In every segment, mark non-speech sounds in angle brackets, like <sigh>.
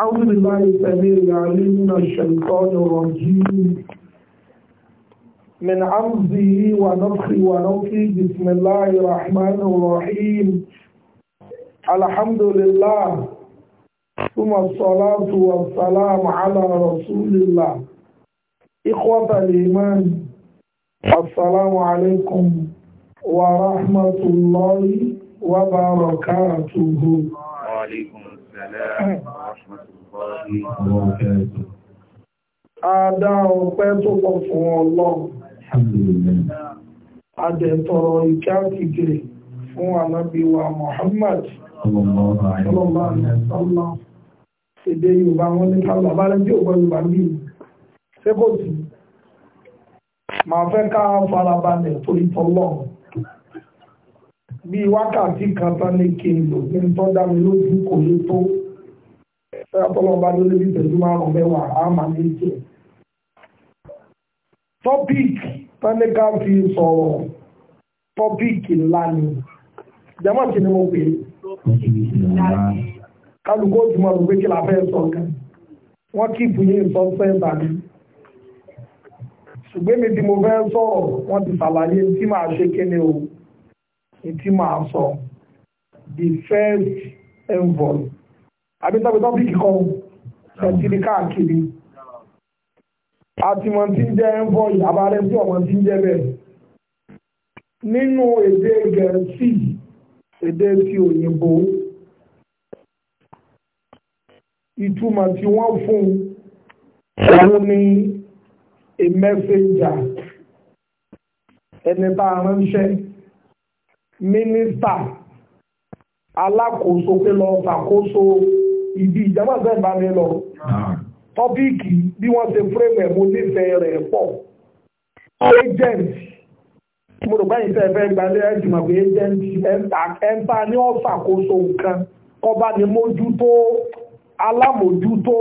أعوذ بالله السميع العليم من الشيطان الرجيم من عمزه ونفخه ونفخه بسم الله الرحمن الرحيم الحمد لله ثم الصلاة والسلام على رسول الله إخوة الإيمان السلام عليكم ورحمة الله وبركاته وعليكم Adá ọpẹ́ tó pọ̀ fún Ọlọ́run. Adẹ̀tọ̀rọ̀ ìkẹ́ àkìkiri fún anábíwa Muhammad. Ọlọ́run Èdè Yorùbá wọn ní kálọ̀ bá lẹ́jọ́ ọgbọ́n Yorùbá bí i. Ṣé kò sí? Màá fẹ́ ká farabalẹ̀ torí tọ́lọ́run bí wákàtí kan tán ní kí n lò ní tó mi lójú kò lè tó ọlọ́ọ̀bá ló lébi ìtẹ̀jú márùn-ún mẹ́wàá á máa ní ìjẹ́. tọ́píìkì tánníkà fi sọ̀rọ̀ tọ́píìkì ńlá ni jama ti ni mo pè é kálukú ó ti mọ̀ pé kí la fẹ́ sọ kan wọ́n kí ìbùyẹ̀ ìsọ́sẹ́ tàbí ṣùgbọ́n mi tí mo fẹ́ sọ̀rọ̀ wọ́n ti ṣàlàyé tí màá ṣe kéde o tí màá sọ the first envelope àbí tọ́pì tọ́pìkì kan ṣẹ̀tìrì káàkiri àti wọn ti ń jẹ́ envoy abalẹ̀ tí ọmọ ti ń jẹ́ bẹ́ẹ̀ nínú èdè gẹ̀ẹ́sì èdè ti òyìnbó ìtumọ̀ tí wọ́n fún òun ni a messenger ẹni tá a ránṣẹ́ mínísítà alákòóso pé lọ́ọ́ ṣàkóso ìdí ìjàmbá sẹ́yìn bá mi lọ ah. tọ́píìkì bí wọ́n ṣe fúrẹ́mù ẹ̀ mo nífẹ̀ẹ́ rẹ̀ pọ̀ agent mo rò báyìí tẹ́ ẹ fẹ́ gbalẹ̀ ẹ̀jùmọ̀ pé agent ẹ̀ńtà ní ọ̀ṣàkóso nǹkan kọba ni mójútó alámòjútó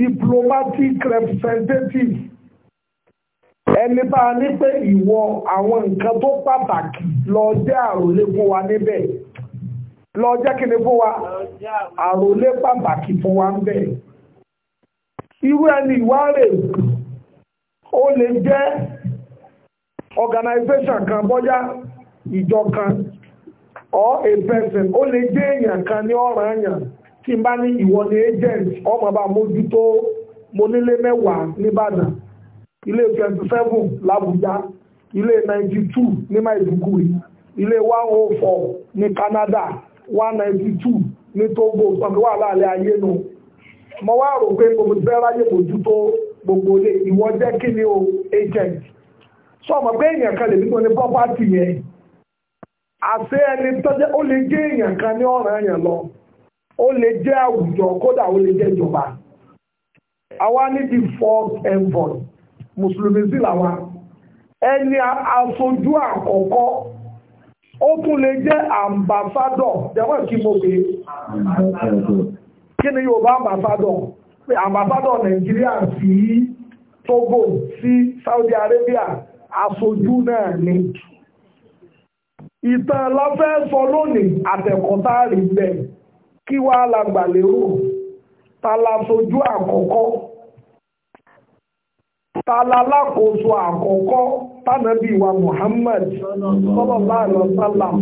diplomatic representative ẹni bá a ní pé ìwọ àwọn nǹkan tó pàtàkì lọ jẹ́ àròlé fún wa níbẹ̀. lọ jẹ́ kí fún wa lé pàtàkì fún wa ń bẹ̀. irú ẹni rè ó lè jẹ́ organization kan bọ́já ìjọ kan or a person ó lè jẹ́ èèyàn kan ní ọ̀ràn àyàn tí n bá ní ìwọ ni agent ọmọ bá mójútó mo nílé mẹ́wàá nìbàdàn ilé twenty seven làbújá ilé ninety two ní 192 ninety two ní Togo ala wà láàlẹ́ ayé nu mo wá rò pé mo fẹ́ ráyè mójútó gbogbo ilé ìwọ jẹ́ kí ni o agent sọ ma pé èèyàn kan lè nígbà ní property yẹn àṣẹ ẹni tọ́jẹ́ ó lè jẹ́ èèyàn kan ní ọ̀ràn èèyàn lọ ó lè jẹ́ àwùjọ kódà ó lè jẹ́ ìjọba àwa ní the fourth envoy mùsùlùmí sí làwa ẹni aṣojú àkọ́kọ́ ó tún lè jẹ́ àmbàfádọ̀ jẹ́wọ́n kí mo pè kí ni yóò bá àmbàfádọ̀ pé àmbàfádọ̀ Nàìjíríà sí Togo sí Saudi Arabia aṣojú náà ni ìtàn láfẹ́ sọ lónìí àtẹ̀kọ́tà rí bẹ́ẹ̀ kí wàá làgbà lérò àkọ́kọ́ tàlàlákòóso àkọ́kọ́ tánàbí wa Muhammad sallallahu alaihi wasallam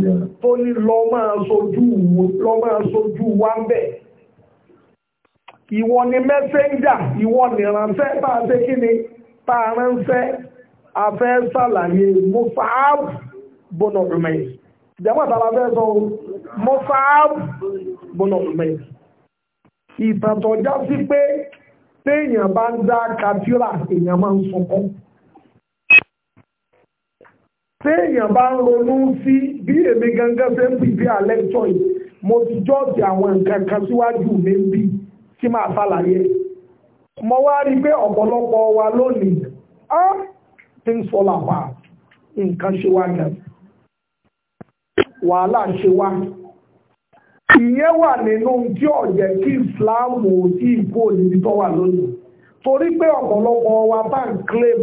tó ní lọ máa sojú wa ń bẹ̀ ìwọ ni mẹ́sẹ́ńdà ìwọ ni ránṣẹ́ bá a ṣe kí ni bá a ránṣẹ́ afẹ́ sàlàyé Mus'ab bọ́nà Umayr ìjàmọ́ àtàlà fẹ́ sọ Mus'ab bọ́nà Umayr ìtàn tó já sí pé téèyàn bá ń dá kàtíọ́rà èèyàn máa ń sunkún téèyàn bá ń ronú sí bí èmi gangan fẹ́ ń pìpì àlẹ́tọ̀ yìí mo ti jọ́ọ̀tì àwọn nǹkan kan síwájú mi ń bí tí màá ṣàlàyé mo wá rí i pé ọ̀pọ̀lọpọ̀ wa lónìí á ti ń sọ làpá nǹkan ṣe wá gan wàhálà ṣe wá ìyẹn wà nínú tí ó jẹ́ kí ìsìláàmù tí ìkó níbi tó wà lónìí torí pé ọ̀pọ̀lọpọ̀ wa bá ń claim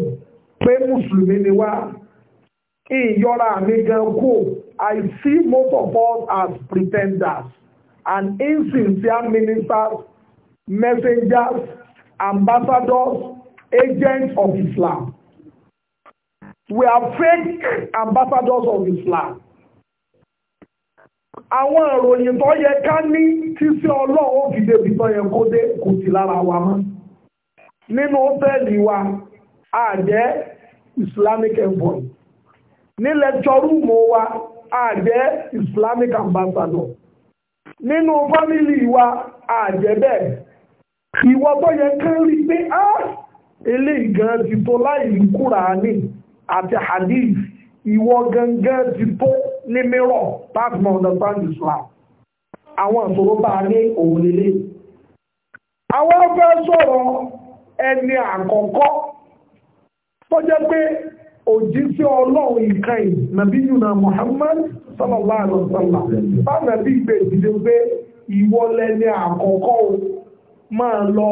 pé mùsùlùmí ni wá ìyọra mi gan kú I see most of us as pretenders and insincere ministers messengers ambassadors agents of Islam we are fake ambassadors of Islam àwọn ìròyìn tó yẹ ká ní tí sí ọlọ́run fi débi tó yẹ kó dé kò sí lára wa mọ́ nínú hòtẹ́ẹ̀lì wa àjẹ́ islamic envoy ní lecture room wa àjẹ́ islamic ambassador nínú fámìlì wa àjẹ́ bẹ́ẹ̀ ìwọ tó yẹ ká rí pé á ilé ìgan ti tó láì kúrà ní àti hadith ìwọ gangan ti tó ní mìíràn láti mọ understand Islam àwọn ìṣòro bá a ní òun lélẹ̀. àwọn fẹ́ sọ̀rọ̀ ẹni àkọ́kọ́ tó jẹ́ pé òjíṣẹ́ ọlọ́run nǹkan yìí nàbí yùnà Muhammad sallallahu alaihi wasallam bá nàbí ìgbè ìdílé pé ìwọlẹ̀ ni àkọ́kọ́ o máa lọ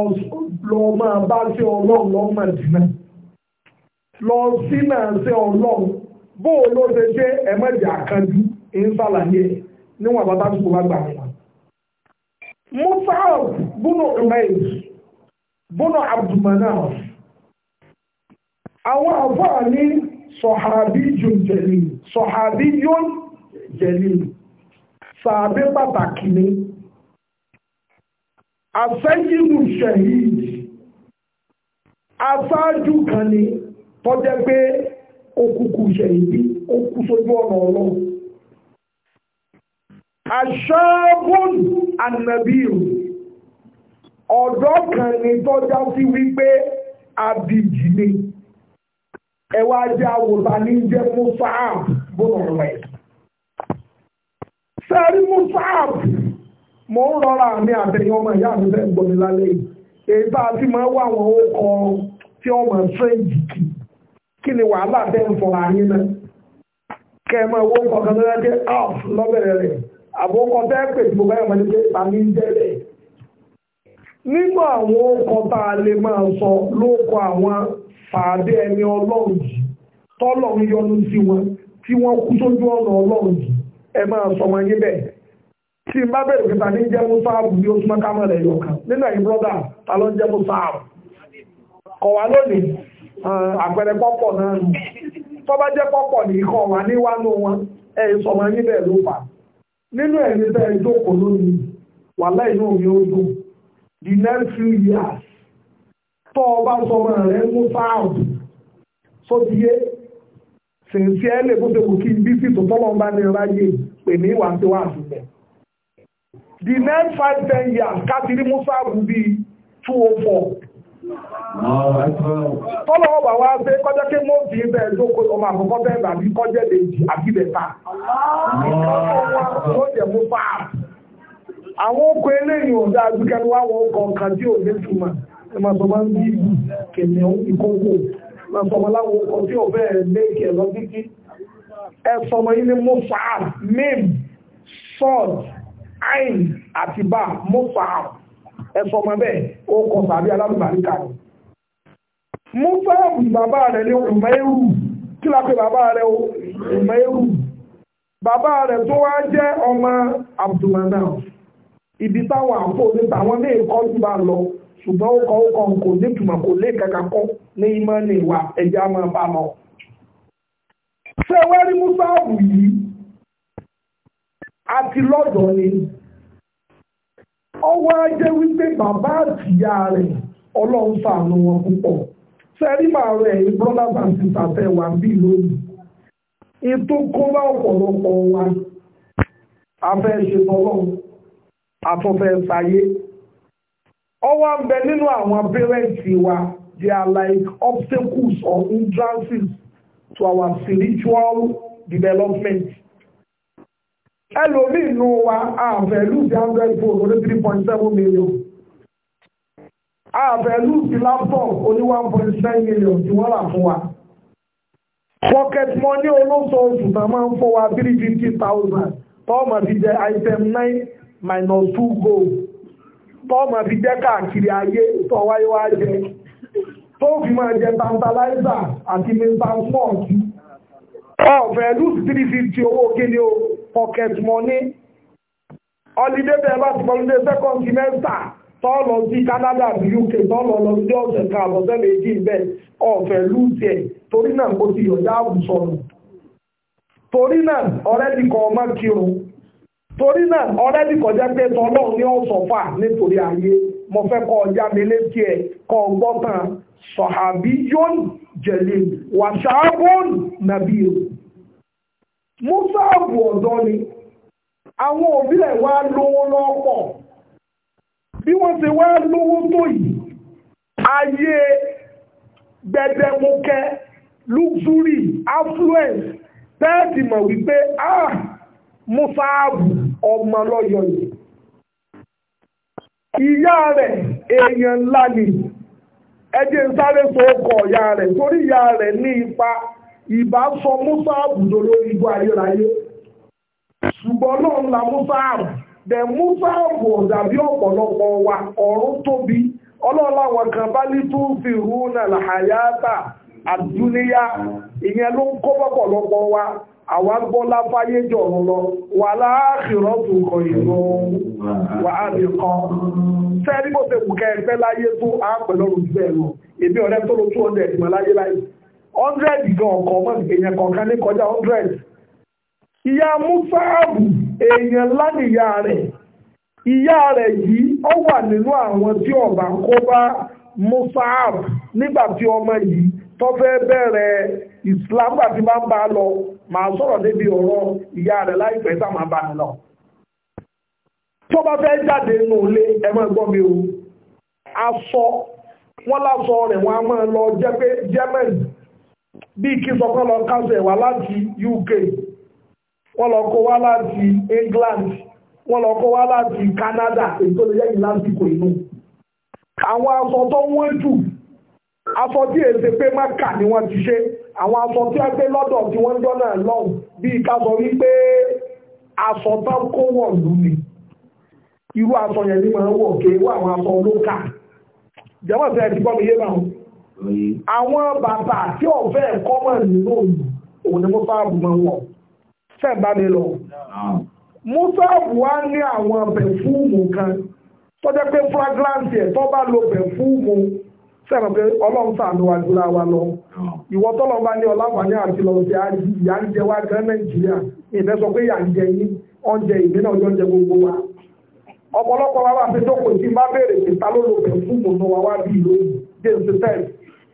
lọ máa bá sí ọlọ́run lọ́mọdínà lọ sí náà sí ọlọ́run bó o ló ṣe ṣe ẹ̀mẹ́jì àkànjú ń ṣàlàyé níwọ̀n bá tásùkò bá gbà wọn. Mus'ab búnú Umayr búnú Abdulmanaf àwọn àfáà ní sọ̀hábí jùn jẹ̀lì sọ̀hábí yún jẹ̀lì sàbẹ́ pàtàkì ni àfẹ́yìnú ṣẹ̀yìn aṣáájú kan ni tọ́jẹ́ pé ó kúkú iṣẹ́ ibi ó kú sójú ọ̀nà ọlọ́run. àṣọ́bùn ànàbíyù ọ̀dọ́ kan ni tọ́já sí wípé abìjì ni ẹ wá jẹ́ àwòrán ní jẹ́ Mus'ab bọ́nà ọ̀rọ̀ ẹ̀. sẹ́rí Mus'ab mo ń rọra àmì àtẹ̀yìn ọmọ ìyá mi fẹ́ gbọ́mi lálẹ́ yìí èyí tá a ti máa wá àwọn ó kọ tí ọmọ ṣẹ́ǹjì kì í kí ni wàhálà bẹ́ ń fọ̀rọ̀ àyín náà kẹ́ẹ̀mọ́ owó kọ̀ọ̀kan tó rẹ́ off ah, lọ́bẹ̀rẹ̀ rẹ̀ àbókọ tẹ́ pè tí mo bá yọ̀mọ́ ní pé tàbí ń tẹ́lẹ̀ nínú àwọn ọkọ̀ tá a lè máa sọ ló kọ àwọn fàádé ẹni ọlọ́run yìí tọ́lọ̀ ń yọnu sí wọn tí wọ́n kú sójú ọ̀nà ọlọ́run yìí ẹ máa sọ wọn yín bẹ́ẹ̀ tí n bá bẹ̀rẹ̀ pé tàbí jẹ́ mùsáàbù bí ó súnmọ́ rẹ̀ yọ̀ọ̀kan nínú ẹ̀yin brọ́dà ta ló ń jẹ́ mùsáàbù kọ̀wá lónìí àpẹẹrẹ pọ́pọ̀ náà nù tó bá jẹ́ pọ́pọ̀ nìkan wà níwájú wọn ẹ̀ sọ̀mọ́ níbẹ̀ ló fà nínú ẹ̀mí tẹ́ ẹ jókòó lónìí wà láìnú mi ó the next few years tó o bá sọmọ rẹ̀ mú sáàbù sódìyé sèǹsì ẹ̀ lè bóde kò kí n bí sí tòtọ́lọ́ bá ní ráyè pè mí wà sí wà sílẹ̀ the next five ten years káàkiri mú sáàbù bíi two oh four. Tọ́lọ́wọ́ wà wá pé kọjọ́ kí mọ́ fi ọmọ àkọ́kọ́ bẹ́ẹ̀ Àwọn oko kan tí ò Ẹ máa sọ ń bí kìnìún ìkókò. Máa sọ láwọn oko tí ò bẹ́ẹ̀ lé ìkẹ̀ lọ títí. Ẹ sọ mọ yín ní Mufa'af, Mim, àti Bá, ẹ̀sọ́ ọmọ bẹ́ẹ̀ ó kọ sàbí alálùbáríkà ni. mú fẹ́ẹ̀bù bàbá rẹ̀ ní ọmọẹ́rù kí la pé bàbá rẹ̀ ọmọẹ́rù bàbá rẹ̀ tó wá jẹ́ ọmọ abdulmanaf ibi táwọn àpò níta àwọn ní ìkọ́ ti bá lọ ṣùgbọ́n ó kọ́ ó kọ́ kò ní ìtumọ̀ kò lè kankan kọ́ ní ìmọ̀ ní ìwà ẹ̀jẹ̀ á bá lọ. ṣé wẹ́rí mú fẹ́ẹ̀bù yìí àti lọ́dọ̀ ni. ọwọ́ ajé wípé bàbá àtìyá rẹ̀ ọlọ́run fàánù wọn púpọ̀ sẹ́rí màá rẹ̀ ẹ̀yin brothers and sisters ẹ̀ wá bí lónìí ètò kóbá ọ̀pọ̀lọpọ̀ wa afẹ́ ṣetọ́lọ́run afọ́fẹ́ sáyé ọwọ́ ń bẹ nínú àwọn parents wa they are like obstacles or hindrances to our spiritual development ẹlòmí inú wa ààfẹ́ lùsí android phone oní three point seven million ààfẹ́ lùsí laptop oní one point nine million tí wọ́n rà fún wa pocket money olóṣooṣù náà máa ń fún wa three fifty thousand tọ́ọ̀mù àti jẹ item nine minus two gold tọ́ọ̀mù àti jẹ káàkiri ayé tọ́wáyé wá jẹ tó fi máa jẹ tantalizer àti mr small ọ̀fẹ́ lùsí three fifty owó kíni o pocket money ọlídé bẹ́ẹ̀ bá ti pọ̀lúdé second semester tọ́ọ̀lọ sí Canada àti UK tọ́ọ̀lọ lọ sí ọ̀sẹ̀ kan àbọ̀sẹ̀ méjì bẹ́ẹ̀ ọ̀fẹ́ lùtì ẹ̀ torí náà kó ti yọ̀já àbùsọ̀nù torí náà ọ̀rẹ́dì kan ọmọ kírun torí náà ọ̀rẹ́dì kan jẹ́ pé tọ́lọ́run ní ọ̀sọ̀fà nítorí ayé mo fẹ́ kọ́ ọjà mi létí ẹ̀ kọ́ ọgbọ́tàn sọ̀hábíyón jẹ̀lẹ̀ wàṣáàbọ̀n nàbíyó Musa àbù ọ̀dọ́ ni àwọn òbí ẹ̀ wá lówó lọ́pọ̀ bí wọ́n ti wá lówó tó yìí ayé gbẹdẹmukẹ luxury affluence tẹ́ẹ̀tì mọ̀ wípé ah Musa àbù ọmọ lọ́yọ̀ yìí ìyá rẹ̀ èèyàn ńlá ni ẹjẹ́ ń sáré so ọkọ̀ ìyá rẹ̀ torí ìyá rẹ̀ ní ipa ìbá sọ Músáàbù tó lórí igbó ayérayé ṣùgbọ́n náà ńlá Músáàbù dẹ̀ Músáàbù ọ̀dàbí ọ̀pọ̀lọpọ̀ wa ọ̀run tóbi ọlọ́ọ̀láwọn kan bá ní tó fi rúnà làhàyáàtà àdúníyá ìyẹn ló ń kó bọ́pọ̀lọpọ̀ wa àwa gbọ́ láfáyé jọ̀rọ̀ lọ wà láàkìrọ̀ tó kọ ìlú wà á lè kọ́ sẹ́ẹ̀rí bó ṣe kù kẹ́ láyé tó á pẹ̀lú ọ̀rùn bẹ́ẹ̀ lọ èmi ọ̀rẹ́ tó lo 200 ìmọ̀ láyé láyé hundred gan ọkọ̀ ọmọ èèyàn kọ̀ọ̀kan ní kọjá hundred ìyá musaabu èèyàn lánìyá rẹ̀ ìyá rẹ̀ yìí ọ wà nínú àwọn tí ọba kó bá musaabu nígbà tí ọmọ yìí tó fẹ́ bẹ̀rẹ̀ islam àti bá ń bá a lọ màá sọ̀rọ̀ débi ọ̀rọ̀ ìyá rẹ̀ láìpẹ́ tá bá mi lọ tó bá fẹ́ jáde nù lé ẹ máa gbọ́ mi o aṣọ wọn lásọ rẹ̀ wọn a máa lọ jẹ́ pé Germany bí kí sọkọ́ lọ káṣẹ̀ wá láti UK wọ́n lọ kó wá láti England wọ́n lọ kó wá láti Canada èyí tó lè yẹ yìí inú àwọn aṣọ tó wọ́n jù aṣọ tí èsè pé máka ni wọ́n ti ṣe àwọn aṣọ tí wọ́n gbé lọ́dọ̀ tí wọ́n ń dọ́nà lọ́hùn bí ká sọ wípé aṣọ tó ń kó wọ̀ lù mí irú aṣọ yẹn ni máa ń wọ̀ kéwọ́ àwọn aṣọ olóka jẹ́wọ́n sẹ́yìn ti gbọ́ mi yé báwọn àwọn bàbá tí ọ̀fẹ́ ẹ̀kọ́ mọ̀ nínú òyìn òun ni mo sáàbù mọ́ wọn fẹ́ bá mi lọ mo sáàbù wá ní àwọn pẹ̀fúùmù kan tó jẹ́ pé fragrance ẹ̀ tó bá lo pẹ̀fúùmù sẹ́rọ̀ pé ọlọ́run sàánú wa jùlọ wa lọ ìwọ tọ́lọ́ bá ní ọláfààní àti lọ sí àjí ìyá ń jẹ wá gan nàìjíríà ìbẹ́ sọ pé ìyá ń jẹ yín oúnjẹ ìbí náà oúnjẹ gbogbo wa ọ̀pọ̀lọpọ̀ wa wà fi dókòó tí bá béèrè sí ta ló lo pẹ̀fúùmù náà wá bí ìlú dé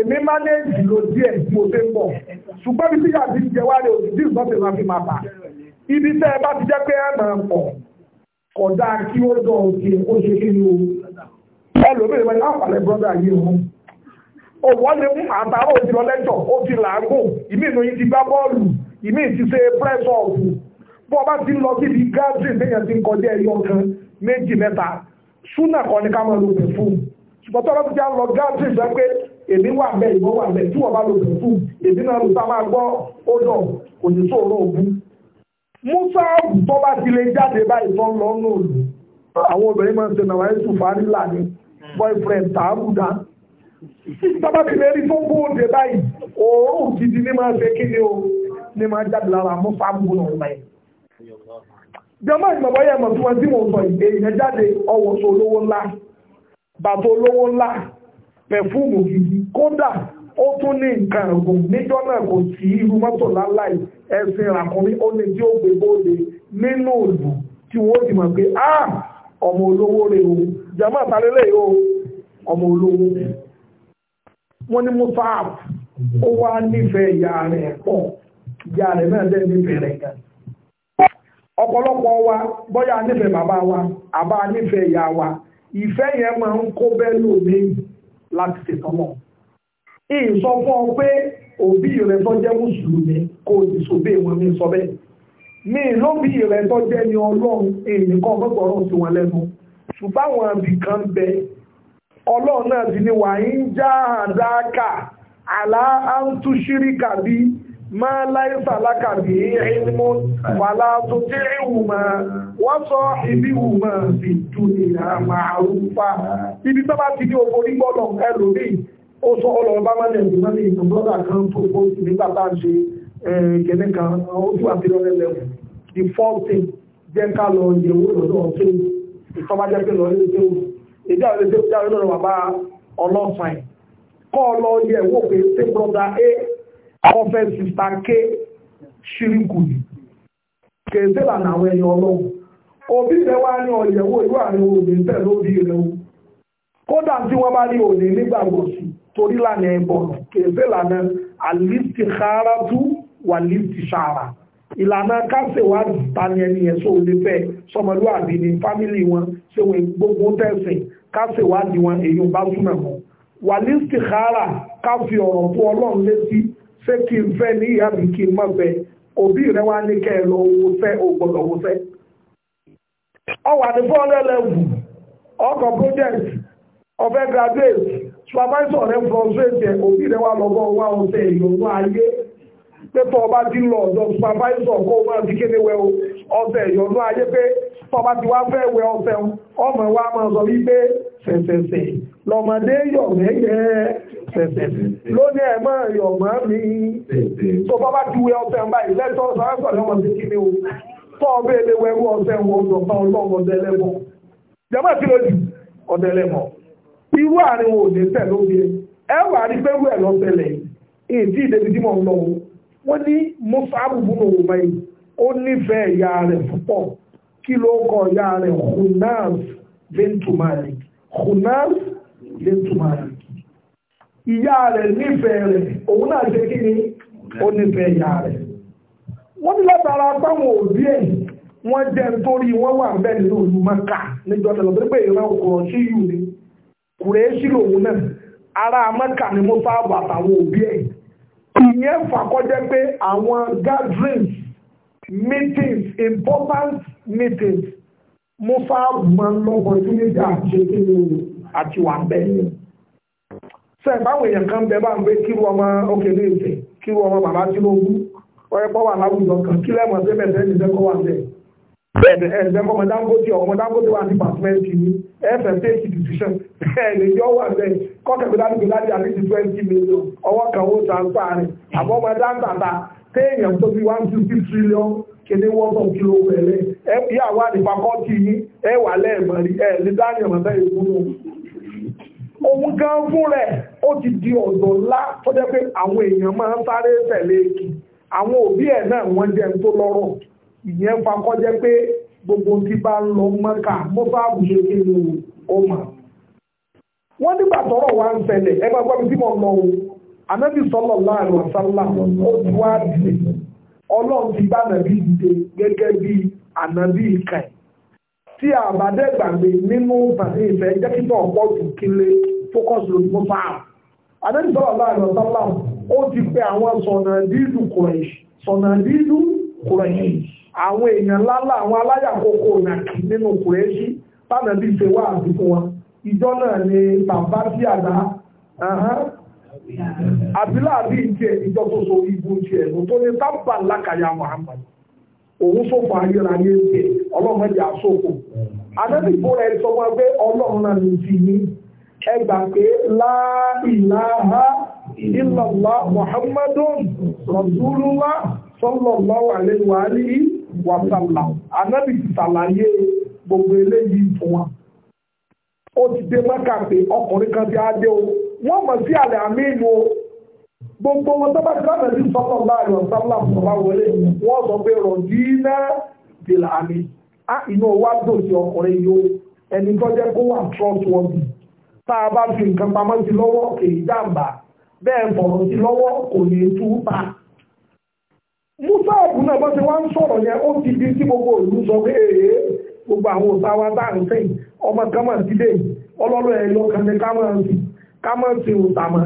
èmi mánéèjì ló díẹ̀ mo dé pọ̀ ṣùgbọ́n bí síyà ti jẹ wá lè òdìdí ìgbọ́n tèmi fi máa bà ibi tẹ́ ẹ bá ti jẹ́ pé ẹ máa ń pọ̀ kódà kí ó dọ̀ òkè ó ṣe kí ni o ẹ lómìnira wọn láǹfààní brọ́dà yìí o òwò lè mú àtàrà òsì lọ lẹ́tọ̀ ó ti làágùn ìmí ìnú yìí ti gbá bọ́ọ̀lù ìmí ti ṣe press off bó o bá ti lọ síbi gathering téèyàn ti ń kọjá ẹyọ kan méjì mẹ́ta ṣúnà kan ní ká máa lo pẹ̀fúm ṣùgbọ́n tó bá ti já lọ gathering sọ pé èmi wà bẹ́ ìwọ wà bẹ́ tí wọ́n bá lo pẹ̀fú èmi náà lùtà máa gbọ́ ó dọ̀ kò ní sóòrò òbú. musa tó bá ti lè jáde báyìí tó ń lọ ní òòlù àwọn obìnrin máa ń ṣe nàwáyé sùfàárì lànà boyfriend tààbùdá tọ́bá ti lè rí fún bóòdè báyìí òórùn gidi ní máa ṣe kí o ní máa jáde lára mú fáàmù náà báyìí jọmọ́ ìgbàgbọ́ yẹn mọ̀ tí wọ́n tí mo sọ ìgbé ìyẹn jáde ọwọ́ tó olówó ńlá pẹ̀fúmù gidi kódà ó tún ní nǹkan ọ̀gùn níjọ́ náà kò sí irú mọ́tò láláì ẹ̀sìn ìràkùnrin ó lè tí ó gbé bóde nínú òlù tí wọ́n ti mọ̀ pé á ọmọ olówó rẹ̀ o jàmọ́ àtàlélẹ̀ ọmọ olówó wọ́n ní Mus'ab ó wá nífẹ̀ẹ́ ìyá rẹ̀ pọ̀ ìyá rẹ̀ náà dẹ́ nífẹ̀ẹ́ rẹ̀ gan ọ̀pọ̀lọpọ̀ wa nífẹ̀ẹ́ bàbá wa àbá nífẹ̀ẹ́ ìyá láti ṣètọ́lọ̀ ìsọ fún ọ pé òbí rẹ tó jẹ́ mùsùlùmí kò sì sóbè wọn ní sọ bẹ́ẹ̀ mi lóbi rẹ tó jẹ́ ni ọlọ́run èyí kan gbọ́gbọ́rọ̀ sí wọn lẹ́nu ṣùgbọ́n àwọn abìkan bẹ ọlọ́run náà ti ní wàá ń já àdáka àlá àǹtúṣírí kàbí ما ليس لك به علم ولا تطعهما وصاحبهما في الدنيا معروفا ibi tó bá ti di oko ní gbọ́dọ̀ ẹlòmíì ó sọ ọlọ́ ọba máa ń ẹ̀dùn máa ń èèyàn brọ́dà kan tó kó sí nígbà tá à ń ṣe gẹ̀ẹ́nẹ́ kan ojú àti the fourth thing jẹ́ ká lọ yẹ̀wò lọ́dọ̀ tó ìfọ́bájẹ́ pé lọ́rẹ́ tó èdè àwọn èdè òjá lọ́dọ̀ bàbá ọlọ́sàn kọ́ lọ yẹ̀wò pé ṣé brọ́dà a akọ́fẹ́ sista ke ṣíríkù kèsè lànà àwọn ẹ̀yàn ọlọ́run òbí rẹ̀ wá ní ọ̀yẹ̀wò ìlú àárín òní tẹ̀lé òbí rẹ̀ o kódà tí wọ́n bá ní òní nígbàgbọ́ sí torí lànà ẹ̀bọ̀ kèsè lànà wa wà lìtìsára ìlànà káṣèwádìí tani ẹni yẹn sóò lè fẹ́ sọmọlúwàbí ní fámìlì wọn ṣé wọn gbogbo tẹ̀sìn káṣèwádìí wọn èyí ò bá súnmọ̀ wọn wà lìtìkára káfí ọ̀rọ̀ fún ọlọ́run létí ṣé kí n fẹ́ ní ìyá mi kí n má fẹ́ òbí rẹ wá ní kẹ́ ẹ lọ owó fẹ́ o owó fẹ́. ọwà ní fọ́ọ̀lẹ́ lẹ́wù ọkọ̀ project ọ̀fẹ́ graduate supervisor rẹ frustrate ẹ̀ òbí rẹ wá lọ́gọ́ wá ọ̀sẹ̀ ìyọ̀nù ayé pé tó ọba ti lọ ọ̀dọ̀ supervisor kó o máa fi kéde wẹ ọ̀sẹ̀ ìyọ̀nù ayé pé tọba ti wá fẹ́ wẹ ọ̀fẹ́ ọmọ wa máa sọ wípé ṣẹ̀ṣẹ̀ṣẹ̀ lọ́mọdé yọ̀ mẹ́yẹ ṣẹ̀ṣẹ̀ lónìí ẹ̀ máa yọ̀ mọ́ mi tó bá bá ti wẹ ọ̀fẹ́ báyìí lẹ́tọ́ sọ́rọ́sọ̀ lọ́mọ sí kí ni o tọ́ ọbẹ̀ ilé wẹ wú ọ̀fẹ́ wọn ọ̀dọ̀ bá ọlọ́mọ ọdẹlẹ́mọ jẹ́mọ́ sí lójú ọdẹlẹ́mọ irú àárín wo òde tẹ̀ lóbi ẹ wà rí pé wẹ̀ lọ́sẹ̀lẹ̀ èyí tí ìdẹ́bi tí mo ń lọ wọ́n ní musa abubunu wò báyìí ó nífẹ̀ẹ́ ìyá rẹ̀ púpọ̀ kí ló kọ ìyá rẹ̀ Hunaz bintu Malik Hunaz bintu Malik ìyá rẹ̀ nífẹ̀ẹ́ rẹ̀ òun náà ṣe kí ni ó nífẹ̀ẹ́ ìyá rẹ̀ wọ́n ní látara táwọn òbí ẹ̀ wọ́n jẹ́ nítorí wọ́n wà bẹ́ẹ̀ nínú ìlú Mẹ́kà níjọ́ tẹ̀lọ́ pé ìran ọkùnrin sí yù ni kùrẹ́ sí lòun náà ará Mẹ́kà ni mo sáàbù àtàwọn òbí ẹ̀ ìyẹn fàkọ́jẹ́ pé àwọn gatherings meetings important meetings mo fa mọ lọ́wọ́ tí méjì àti ìlú àti wà ń bẹ́ sẹ́ báwọn èèyàn kan bẹ bá ń gbé kíru ọmọ òkèlè èdè kíru ọmọ bàbá Tinubu ọyẹ pọ̀ wà láwùjọ kan kí lẹ́mọ̀ sí mẹ́sẹ̀ ní sẹ́kọ̀ wà bẹ́ẹ̀ ẹ̀ẹ́dẹ̀ ẹ̀ẹ́dẹ̀ ọmọ Dangote ọmọ Dangote wà ní pàṣẹmẹ́ntì ní ẹ̀fẹ̀ take decision ẹ̀ẹ́dẹ̀ yọ wà bẹ́ẹ̀ kọ́kẹ́gbẹ́ dáadé dáadé àti ti twenty million ọwọ́ kan ó transfer rẹ̀ àbọ̀ ọmọ dáńtàtà téèyàn tó fi one fifty trillion kéde wọ́tọ̀ kí ló pẹ̀lẹ́ ẹ bí àwa ní yín ẹ wà lẹ́ẹ̀mọ̀ rí ẹ lè dání ọ̀mọ̀ bẹ́ẹ̀ di ọ̀dọ̀ ńlá tó jẹ́ pé àwọn èèyàn máa ń sáré tẹ̀lé kì àwọn òbí ẹ̀ náà wọ́n jẹ́ ń tó lọ́rọ̀ ìyẹn gbogbo tí bá ń lọ mọ́ka àbùṣe kí ni ó mà wọ́n nígbà ń ẹgbẹ́ tí o ọlọ́run ti bá nàbí dìde gẹ́gẹ́ bí ànábì tí àbádẹ́ gbàgbé nínú bàtí ìfẹ́ jẹ́ kí náà pọ̀ jù kí lè fókọ̀sì lórí fún fáà ó ti pe àwọn sọ̀nàdídù kùrẹ̀ṣì sọ̀nàdídù kùrẹ̀ṣì àwọn èèyàn lálá àwọn aláyàkókò nàkì nínú àbílà àbí ìjẹ ìjọsọsọ ibu ti ẹ̀ tó ní tábà lákàyà Muhammad òun sọ̀fọ̀ ayérayé ń bẹ̀ ọlọ́run ẹ̀jẹ̀ àsọ̀kò anábì fúnra sọ pé ọlọ́run náà ní ti ní ẹ pé la ilaha illallah Muhammadun rasulullah sallallahu alaihi wa alihi wa sallam gbogbo eléyìí fún wa ó ti dé mọ́kà pé ọkùnrin wọ́n mọ̀ sí àlẹ́ gbogbo wọn tó bá láti rí sọ́tọ̀ láàrin ọ̀sán láàpọ̀ bá wọlé wọ́n sọ pé rọ̀jí náà dìlà àmì á inú wa dùn sí ọkùnrin yìí ẹni tó jẹ́ kó wà tá a bá fi nǹkan pamọ́ Musa ọ̀gùn náà bọ́ wá ń gbogbo sọ pé gbogbo àwọn òsáwá ọmọ kan kámọ́ ti òtàmọ́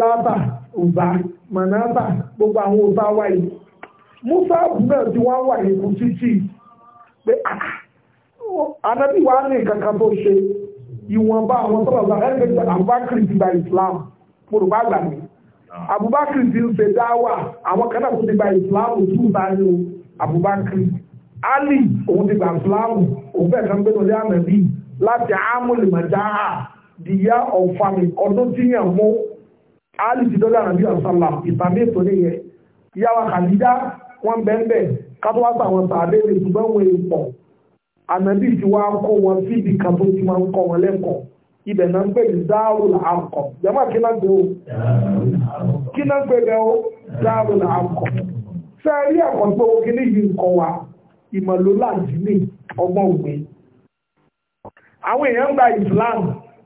lábà òbá mọ̀nàbà gbogbo àwọn òbá wà yìí musa náà tí wọ́n wà yìí kú títì pé anábì ah, wa ní kankan tó ṣe ìwọ̀nba àwọn sọ̀rọ̀ sọ̀rọ̀ ẹni pé Abubakar ti gba Islam mo rò bá gbà mí Abubakar ti ń ṣe dáwà àwọn kan náà kò ti gba Islam tún bá ní o Abubakar Ali òun ti gba Islam òun fẹ́ẹ̀ kan gbé lórí àmì bíi láti amúlùmọ̀dáhà. the ya of famine ọdún tí yàn mú alìsí dọ́là nàbí ọ̀sánlá ìsàmì ètò ya yàwá kàlídá wọn bẹ́ẹ̀ kátó wá sí àwọn sàádé rẹ̀ ṣùgbọ́n wọn è pọ̀ ànàbí ti wá wọn sí ibi kan tó ti máa ń kọ wọn lẹ́kọ̀ọ́ ibẹ̀ náà ń pè ní o kí o àkọ́ kí ní yìí ń wa ìmọ̀lólà ọgbọ́n àwọn gba ìsìláàmù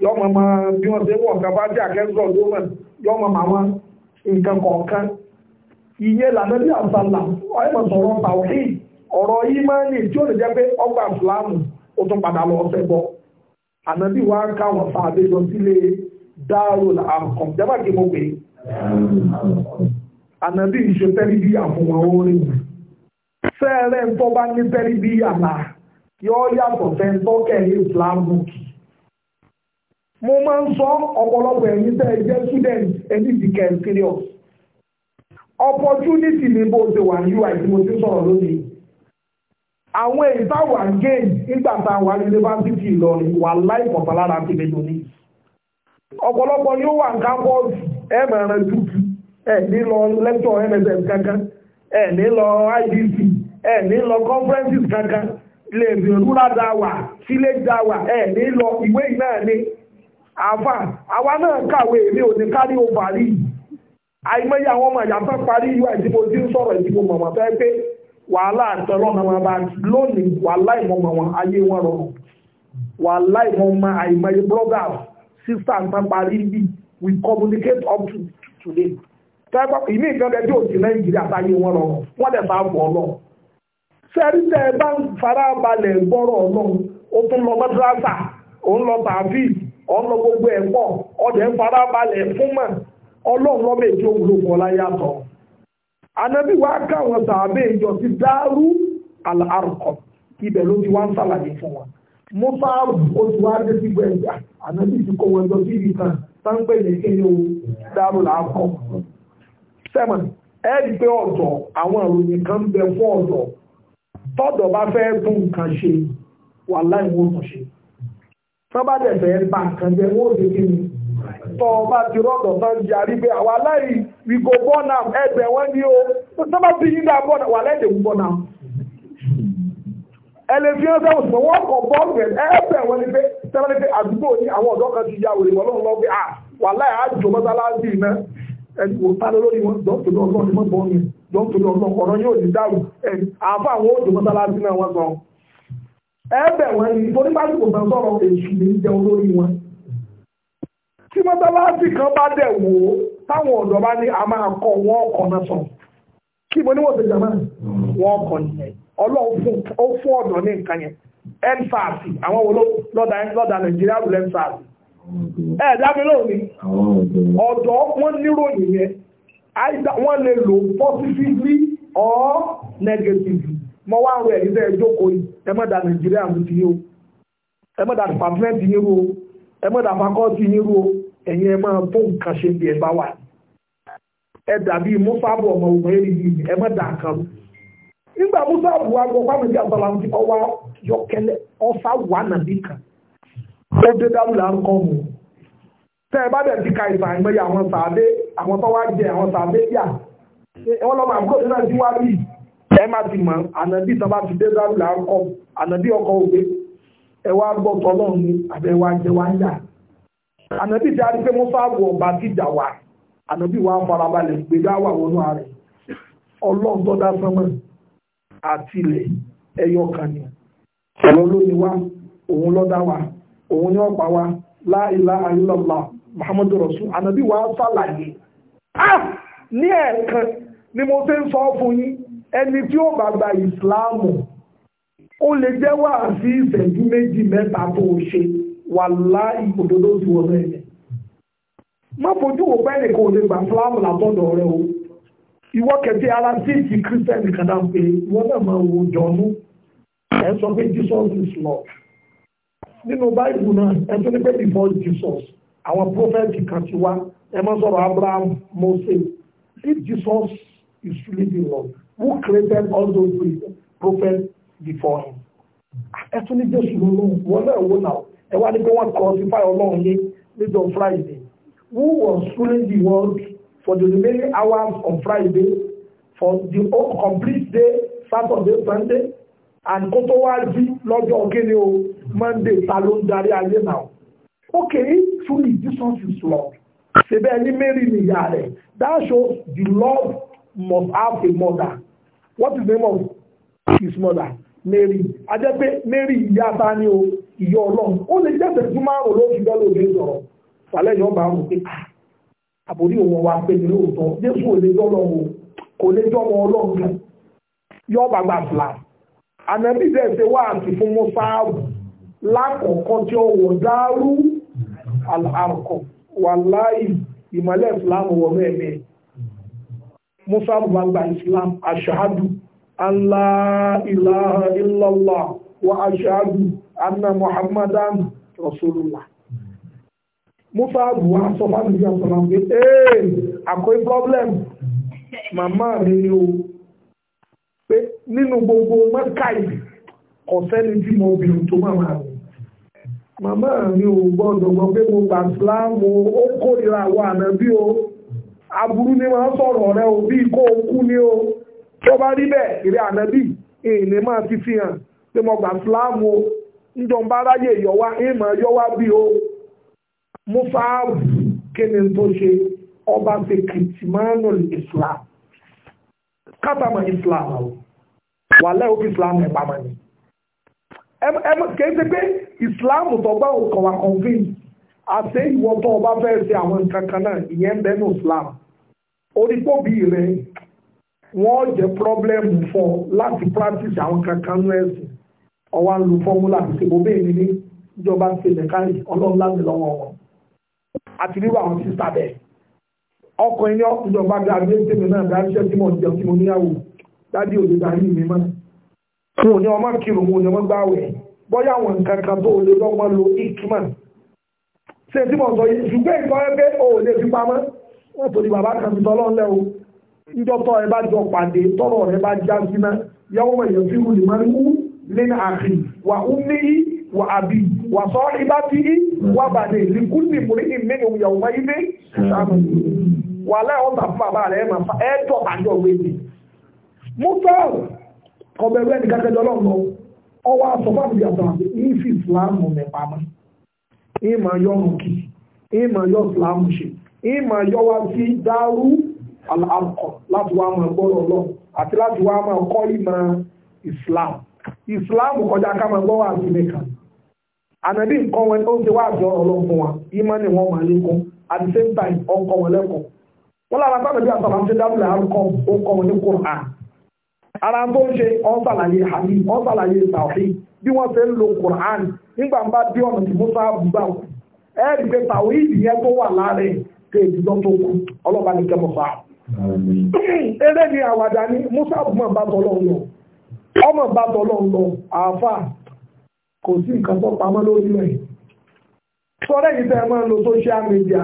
yọọ ma mọ bí wọn ṣe ń wọ̀ nǹkan bá jẹ́ àkẹ́sọ̀ lómọ̀ yọ ma mọ àwọn nǹkan kọ̀ọ̀kan ìyẹn lànà bí àṣàlà ọ̀ẹ́mọ̀ sọ̀rọ̀ tàwí ọ̀rọ̀ yìí máa ní tí ó lè jẹ́ pé ọgbà fúlàmù ó tún padà lọ ọ̀sẹ̀ bọ̀ ànábì wa ń sílé dáàrò mo pè é ìṣe àfọwọ́n orin ń tọ́ bá ní yàtọ̀ fẹ́ mo máa ń sọ ọ̀pọ̀lọpọ̀ ẹ̀yin tẹ́ student ẹni ti kẹ́ serious opportunity ni bó ṣe wà ní UI tí mo ti sọ̀rọ̀ lónìí àwọn èyí táwà ń gé nígbà tá a wà ní Ìlọrin wà láì lára ti ọ̀pọ̀lọpọ̀ ni ó wà campus ẹ̀ mẹ́rin tútù ẹ̀ ní lecture kankan ẹ̀ ní IDC ẹ̀ ní lọ conferences kankan lè rúra dáwà sílé dáwà ẹ̀ ní lọ àfà àwa náà kàwé èmi ò ní kárí o parí àìmọye àwọn ọmọ ìyàtọ̀ parí ìwà ìdìbò tí ń sọ̀rọ̀ ìdìbò mọ̀mọ́ fẹ́ pé wàhálà àtẹ̀rọ̀ náà máa bá lónìí wàhálà wọn ayé wọn rọrùn wàhálà àìmọye parí bí we communicate up to today ìmí bá farabalẹ̀ gbọ́rọ̀ lọ lọ ọ̀nà gbogbo ẹ̀ pọ̀ ọ̀dẹ̀ ń fara balẹ̀ fún mọ̀ ọlọ́run lọ́mọ èdè olùkọ́ láyàtọ̀ anábì wa káwọn sàbẹ̀ ìjọ sí dárú àlárùkọ ibẹ̀ ló ti wá ń sàlàyé fún wọn mo bá oṣù wa dé sí gbẹ̀ngà anábì ti kọ́ wọn lọ sí ibi kan sáńpẹ̀ ní kíni o dárú làákọ́ sẹ́mọ̀n ẹ rí pé ọ̀dọ̀ àwọn ìròyìn kan bẹ fún ọ̀dọ̀ tọ́dọ̀ bá fẹ́ tún nǹkan ṣe wàhálà ìwọ̀n tó ṣe sábà dẹ̀fẹ̀ bá nǹkan jẹ́ wọ́n òde kí ni tọ́ ọba ti rọ́dọ̀ tán di àrígbé àwọn aláì we go born am ẹgbẹ̀ wọ́n ní o sábà ti yí dáa born wà lẹ́dẹ̀ wù born am ẹ lè fi hàn sẹ́wọ̀n sọ wọ́n kọ̀ bọ́ọ̀lù rẹ̀ ẹgbẹ̀ wọ́n ní pé sábà ní pé àdúgbò ní àwọn ọ̀dọ́ kan ti ya òrè wọ́n lọ́wọ́ pé à wà láì àjò mọ́sálásì iná ẹ̀wò ta lórí wọn dọ́tò lọ́ọ̀lọ́ ni wọ́n bọ́ọ̀lù dọ́tò lọ́ọ̀lọ́ ọ̀rọ̀ yóò ní dáhùn àáfà àwọn òjò mọ́sálásì náà wọ́n gan Ebe wọn ni torí bá dùn bá sọ̀rọ̀ èṣù ní jẹ́ olórí wọn. tí mọ́sálásí kan bá dẹ̀ wò ó táwọn ọ̀dọ́ bá ní a máa kọ́ wọn ọkọ̀ náà sọ kí mo ọkọ̀ fún ọ̀dọ́ ní nǹkan yẹn àwọn wo lọ́dà nàìjíríà ọ̀dọ́ wọn níròyìn yẹn wọ́n lè lò positively or negatively. mo wá ń ro ẹ̀yìn tẹ́ ẹ jókòó yìí ẹ ti yín o ẹ da department yín rú o ẹ má da faculty yín rú o ẹ nǹkan ṣe bí ẹ bá wà ẹ dàbí mọ́sáàbù ọmọ ogun ẹ̀rí yìí ẹ má da nǹkan nígbà wa fáwọn yọkẹlẹ wà nàbí kan ó dé dáhùn là ń ẹ bá ti ka ẹ má ti mọ̀ ànàbí tán bá ti dé dárú là ń kọ́ ànàbí ọkọ̀ òwe ẹ wá gbọ́ tọ́lọ́ ni àbẹ̀ wá jẹ wá ń yà ànàbí ti arí pé mọ́sáàbù ọba ti jà wá ànàbí wa farabalẹ̀ gbégbá wà wọnú ààrẹ ọlọ́run tó dá sánmọ̀ àtìlẹ̀ ẹyọ ọ̀rọ̀ lónìí wa òun lọ́dá wa òun ní ọ̀pá wa la ilaha illallah muhammadu rasul ànàbí wa sàlàyé ah ní ẹ̀ẹ̀kan ni mo ṣe ń sọ fún yín ẹni tí ó bá gba ìsìláàmù ó lè jẹ́ wà sí ìṣẹ́jú méjì mẹ́ta tó ṣe wà láì òdodo sí wọ́n rẹ̀ má fojú wò pé ẹnìkan ò lè gba ìsìláàmù látọ̀dọ̀ rẹ o ìwọ kẹtẹ ara sí ti kírísítẹ́nì kan náà pé wọ́n náà máa wo jọ̀ọ́nú ẹ̀ sọ pé Jesus is Lord nínú báìbù náà ẹ̀ tó ní pé before Jesus àwọn prọfẹ̀tì kan ti wá ẹ̀ máa sọ̀rọ̀ Abraham Moses if Jesus is really the Lord who created all those prophets before him. ẹ tún ní jésù lónú wọn náà wò náà ẹ wá ní pé wọn crucify ọlọ́run yé on friday who was ruling the world for the remaining hours on friday for the whole complete day saturday sunday and kó tó wá jí lọ́jọ́ kíni o monday ta ló ń darí ayé náà okay if truly jesus is lord ṣe bẹ́ẹ̀ ni mary nìyá rẹ̀ that shows the lord must have a mother what is the name of his mother Mary ajẹ́ pé Mary ìyá ta ni o ìyá ọlọ́run ó lè jẹ́ ìṣẹ́jú márùn lóṣù bẹ́ẹ̀ lóde sọ̀rọ̀ sàlẹ̀ yóò bá wọn pé àbórí òun wa pé ní lóòótọ́ Jésù ò lè jọ́lọ́ o kò lè jọ́mọ ọlọ́run kan yóò bá gbà fìlà ànábì dẹ̀ ṣe wá àti fún mọ́sáàbù lákọ̀ọ́kọ́ tí ó wọ̀ dárú àlàkọ̀ wàláì ìmọ̀lẹ́ ìsìlámù wọ̀ mẹ́ẹ̀mẹ́ẹ̀ musa bá gba islam ashahadu allah ilaha illallah wa ashahadu anna muhammadan rasulullah musa bu wa sọ fún àdúgbò àtọ̀nà pé ee àkóyí problem Mama mi ni o Pe n'inu gbogbo mẹ́kàì ọ̀sẹ́ni tí mo bìrù tó máa Mama rìn màmá mi ò gbọ́dọ̀ gbọ́ pé mo gbà sílámù ó kórìíra o. aburú ni máa sọ̀rọ̀ rẹ o bí kó o kú ni o tó bá rí bẹ́ẹ̀ ìrẹ́ ànábì èèlé máa ti fi hàn pé mo gbà fúláàmù o níjọ bá ráyè yọwá ìmọ̀ yọwá bí o mo fa kíni tó ṣe ọba ṣe kìtìmánù Islam kátàmà Islam wà lẹ́ òkè Islam ẹ̀ pàmò ni kì í ṣe pé Islam tó òkànwà convince àṣé ìwọ tó o bá fẹ́ ṣe àwọn nǹkan kan náà ìyẹn ń bẹnu Islam onípòbí rẹ wọ́n jẹ́ pírọ́blẹ́mù fún ọ láti practice àwọn nǹkan kan ní ẹ̀sìn ọwọ́ ń lo fọ́múlà àti ìbò bẹ́ẹ̀ ni ìjọba ń ṣe mẹ́kánì ọlọ́run láti lọ́wọ́ wọn àti rírọ àwọn sísá bẹ́ẹ̀ ọkùnrin ní ìjọba gàdúrà tèmi náà dáríṣẹ́ tí mo ń jẹun tí mo níyàwó dádì òde darí mi mọ́ fún òní ọmọ kírun òní ọmọ gbáwẹ̀ bọ́yá àwọn nǹkan kan tó lè lọ́gbọ́n lo ikman ṣe tí mo sọ yìí ṣùgbọ́n ìtọ́ ẹ pé o ò lè fi pamọ́ wọ́n tó ní bàbá kan fi tọ́lọ́ ńlẹ́ o ìjọtọ̀ ẹ bá jọ pàdé tọ́rọ̀ rẹ bá já síná yàwó ẹ̀yọ́ fi rú lèmọ́ ní lẹ́nu àkì wà umi wà àbí wà sọ ibà tí í wà bàdé lìkú ní ìmúrí ìmínú yàwó máa yí dé sàmù wà láwọn tà fún bàbá rẹ màá ẹ jọ àjọ wéde mú sọ́ọ̀ kọ̀bẹ̀rẹ̀ ní kákẹ́jọ́ lọ́nà ìmọ̀ yọ rùkì ìmọ̀ yọ sùlámù ṣe yọ wá sí dárú láti wá máa gbọ́rọ̀ lọ àti láti wá máa kọ́ ìmọ̀ islam islam kọjá ká máa gbọ́ wá sí nìkan ànàbí nǹkan wọn ó wá wa ìmọ̀ ni wọ́n máa lékún at the same time ọkọ̀ wọn lẹ́kọ̀ọ́ wọ́n lára àtàlà ṣe dábìlẹ̀ àrùkọ́ ó kọ́ wọn ní kùrán ara tó ń ṣe bí wọ́n fẹ́ ń lo Quran nígbà bá bí ọ̀nà tí Musa bá kú ẹ̀ẹ́dì pé tàwọn ìdìyẹn tó wà láàrin tẹ ìdíjọ́ tó kú ọlọ́ba ní kẹmọ́fà. eré ni àwàdà ni Musa mọ̀ bá tọ́lọ́ ń lọ ọmọ bá tọ́lọ́ ń lọ àáfà kò social media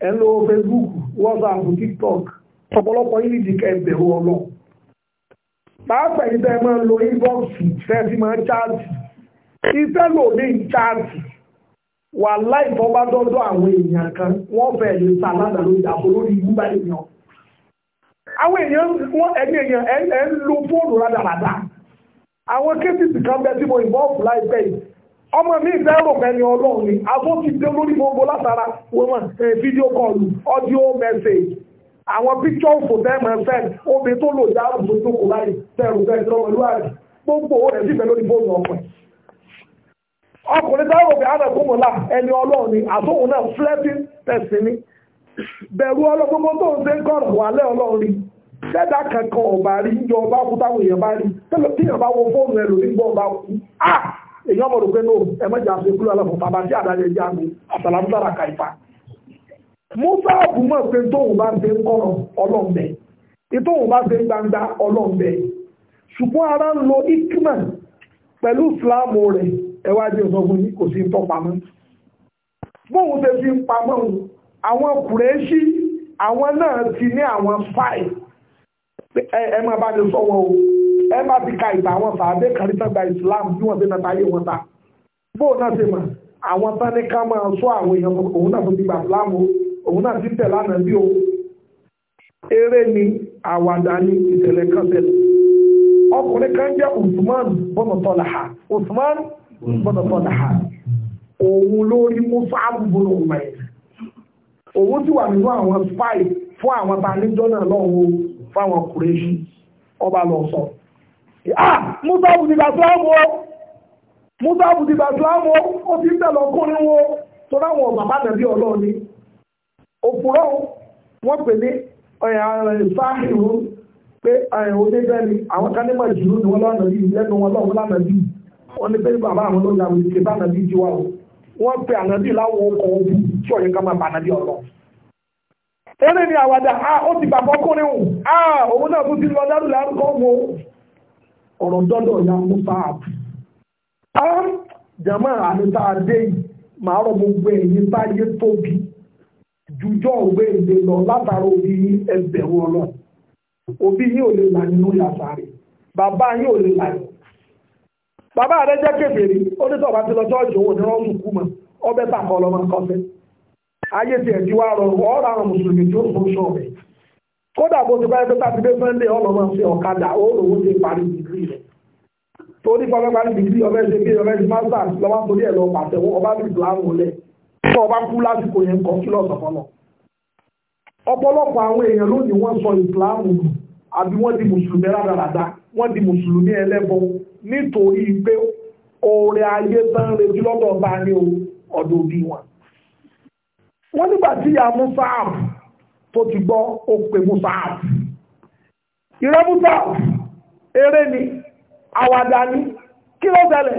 ẹ̀ Facebook WhatsApp TikTok ọ̀pọ̀lọpọ̀ yìí nìdí kẹ́ ẹ pàápàá ìdẹ́ máa ń lo inbox fẹ́ fi máa ń chaàtì ìfẹ́ wa ní chaàtì wà láì tó kan wọ́n fẹ́ lè sa aládàá lórí àpò lórí ìlú èèyàn àwọn èèyàn wọ́n ẹni èèyàn ẹ̀ ń lo fóònù rádaràdà àwọn kan bẹ tí mo involve láìpẹ́ yìí ọmọ mi ìfẹ́ rò pé ní ọlọ́run ni abó ti dé àwọn píkṣọ́ òfò tẹ́mọ̀ fẹ́ omi tó lò já òfò tó kò láyé tẹ́rù fẹ́ tọ́mọlúwàbí gbogbo owó rẹ̀ síbẹ̀ lórí bóòlù ọkùnrin ọkùnrin táwọn òbí àná kúmọ̀lá ẹni ọlọ́run ni àtòhun náà flirting person ni bẹ̀rù ọlọ́gbogbo tó ń ṣe ń kọ̀rọ̀ wà lẹ́ ọlọ́run rí ṣẹ́dá kankan ọ̀bà rí ń jọ ọba kú táwọn èèyàn bá rí tẹ́lẹ̀ tí èèyàn bá wo fóònù ẹ lòdì gbọ́ ọba kú à ah! èèyàn mọ̀ rò pé náà ẹ mọ̀jà àṣekúlù aláfọ̀fà bá sí àdájẹ́ ìjà mi àtàlámúsára kàìfà musa àbùmọ̀ pé tóun bá ń ṣe ń kọ́rọ̀ ọlọ́ọ̀bẹ̀ ìtóun bá ṣe ń gbangba ọlọ́ọ̀bẹ̀ ṣùgbọ́n ara ń lo ikma pẹ̀lú fúlàmù rẹ̀ ẹwájú ìsọ̀gbọ̀n ní kò sí tọ́pamọ́ bóun ṣe fi ń pamọ́ àwọn kùrẹ́ṣí àwọn náà ti ní àwọn fáì ẹ máa bá ní sọ o ẹ bá ti ka ìgbà àwọn fàábé kàrítàgbà Islam bí wọ́n ṣe náà táyé wọn ta bóun náà ṣe mọ̀ àwọn tán ní ká máa sọ àwọn èèyàn òun náà tó ti gbà Islam o òun náà ti tẹ̀lé àná bí o eré ni àwàdà ni ìṣẹ̀lẹ̀ kan tẹ̀lé ọkùnrin kan jẹ́ Usman bọ́nà tọ́lá ha Usman bọ́nà tọ́lá ha òun lórí musa gbogbo ọmọ ẹ̀ òun ti wà nínú àwọn spy fún àwọn tanijọ́ náà lọ́wọ́ fáwọn kùrẹ́ṣì ọba lọ sọ ah musa bùdìbà sílámù o musa bùdìbà sílámù o ó ti ń tẹ̀lé ọkùnrin wo tó láwọn bàbá nàbí ọlọ́ọ̀ni òpùrọ̀ wọ́n pè ní ọ̀yà ìfáàhìrú pé oníbẹ̀ àwọn ni wọ́n lọ́nà yìí lẹ́nu wọn lọ́wọ́ lánà bíi wọ́n ní bàbá àwọn ló ń bá o wọ́n pe ànàbí láwọn ọkọ̀ ojú tí ọ̀yẹ́ ká máa bá ànàbí ọ̀lọ́. eré ni àwàdà a ó a òun náà tún ti jùjọ́ òwe èdè lọ látara òbí yín ẹgbẹ̀rún ọlọ́run òbí yín ò lè là nínú yàtà rẹ̀ bàbá yín ò lè là nínú. bàbá rẹ jẹ́ kébèrè ó ní sọ̀rọ̀ àti lọ ṣọ́ọ̀ṣì òun ní wọ́n sùn kú mọ́ ọbẹ̀ tàkọ́ ọlọ́mọ kọ́fẹ́. ayé ti ẹ̀ ti wá rọ ọ̀rọ̀ àwọn mùsùlùmí tí ó fún sọ̀rọ̀ kódà bó ti bá ẹgbẹ́ tàbí dé sẹ́ńdé ọlọ́mọ ṣe ọ̀kadà ó lòó ti parí dìgírì rẹ̀ torí pàápàá dìgírì ọbẹ̀ ṣe bí ọbẹ̀ ṣe mástà lọ́wọ́ torí ẹ̀ lọ pàṣẹ ọba bíi ìlànà olẹ́ tó ọba kú lásìkò yẹn kọ́ kí lọ́sọ̀ ọ̀pọ̀lọpọ̀ àwọn èèyàn lónìí wọ́n sọ ìsìláàmù nù àbí wọ́n di mùsùlùmí rádaràda wọ́n di mùsùlùmí ẹlẹ́bọ nítorí pé oore ayé bá retí lọ́dọ̀ bá ní ọ̀dọ̀ òbí wọn. wọ́n nígbà tí ìyá musaab tó ti gbọ́ ó pe musaab ìrẹ́ musaab eré ni àwàdà ni kí ló ṣẹlẹ̀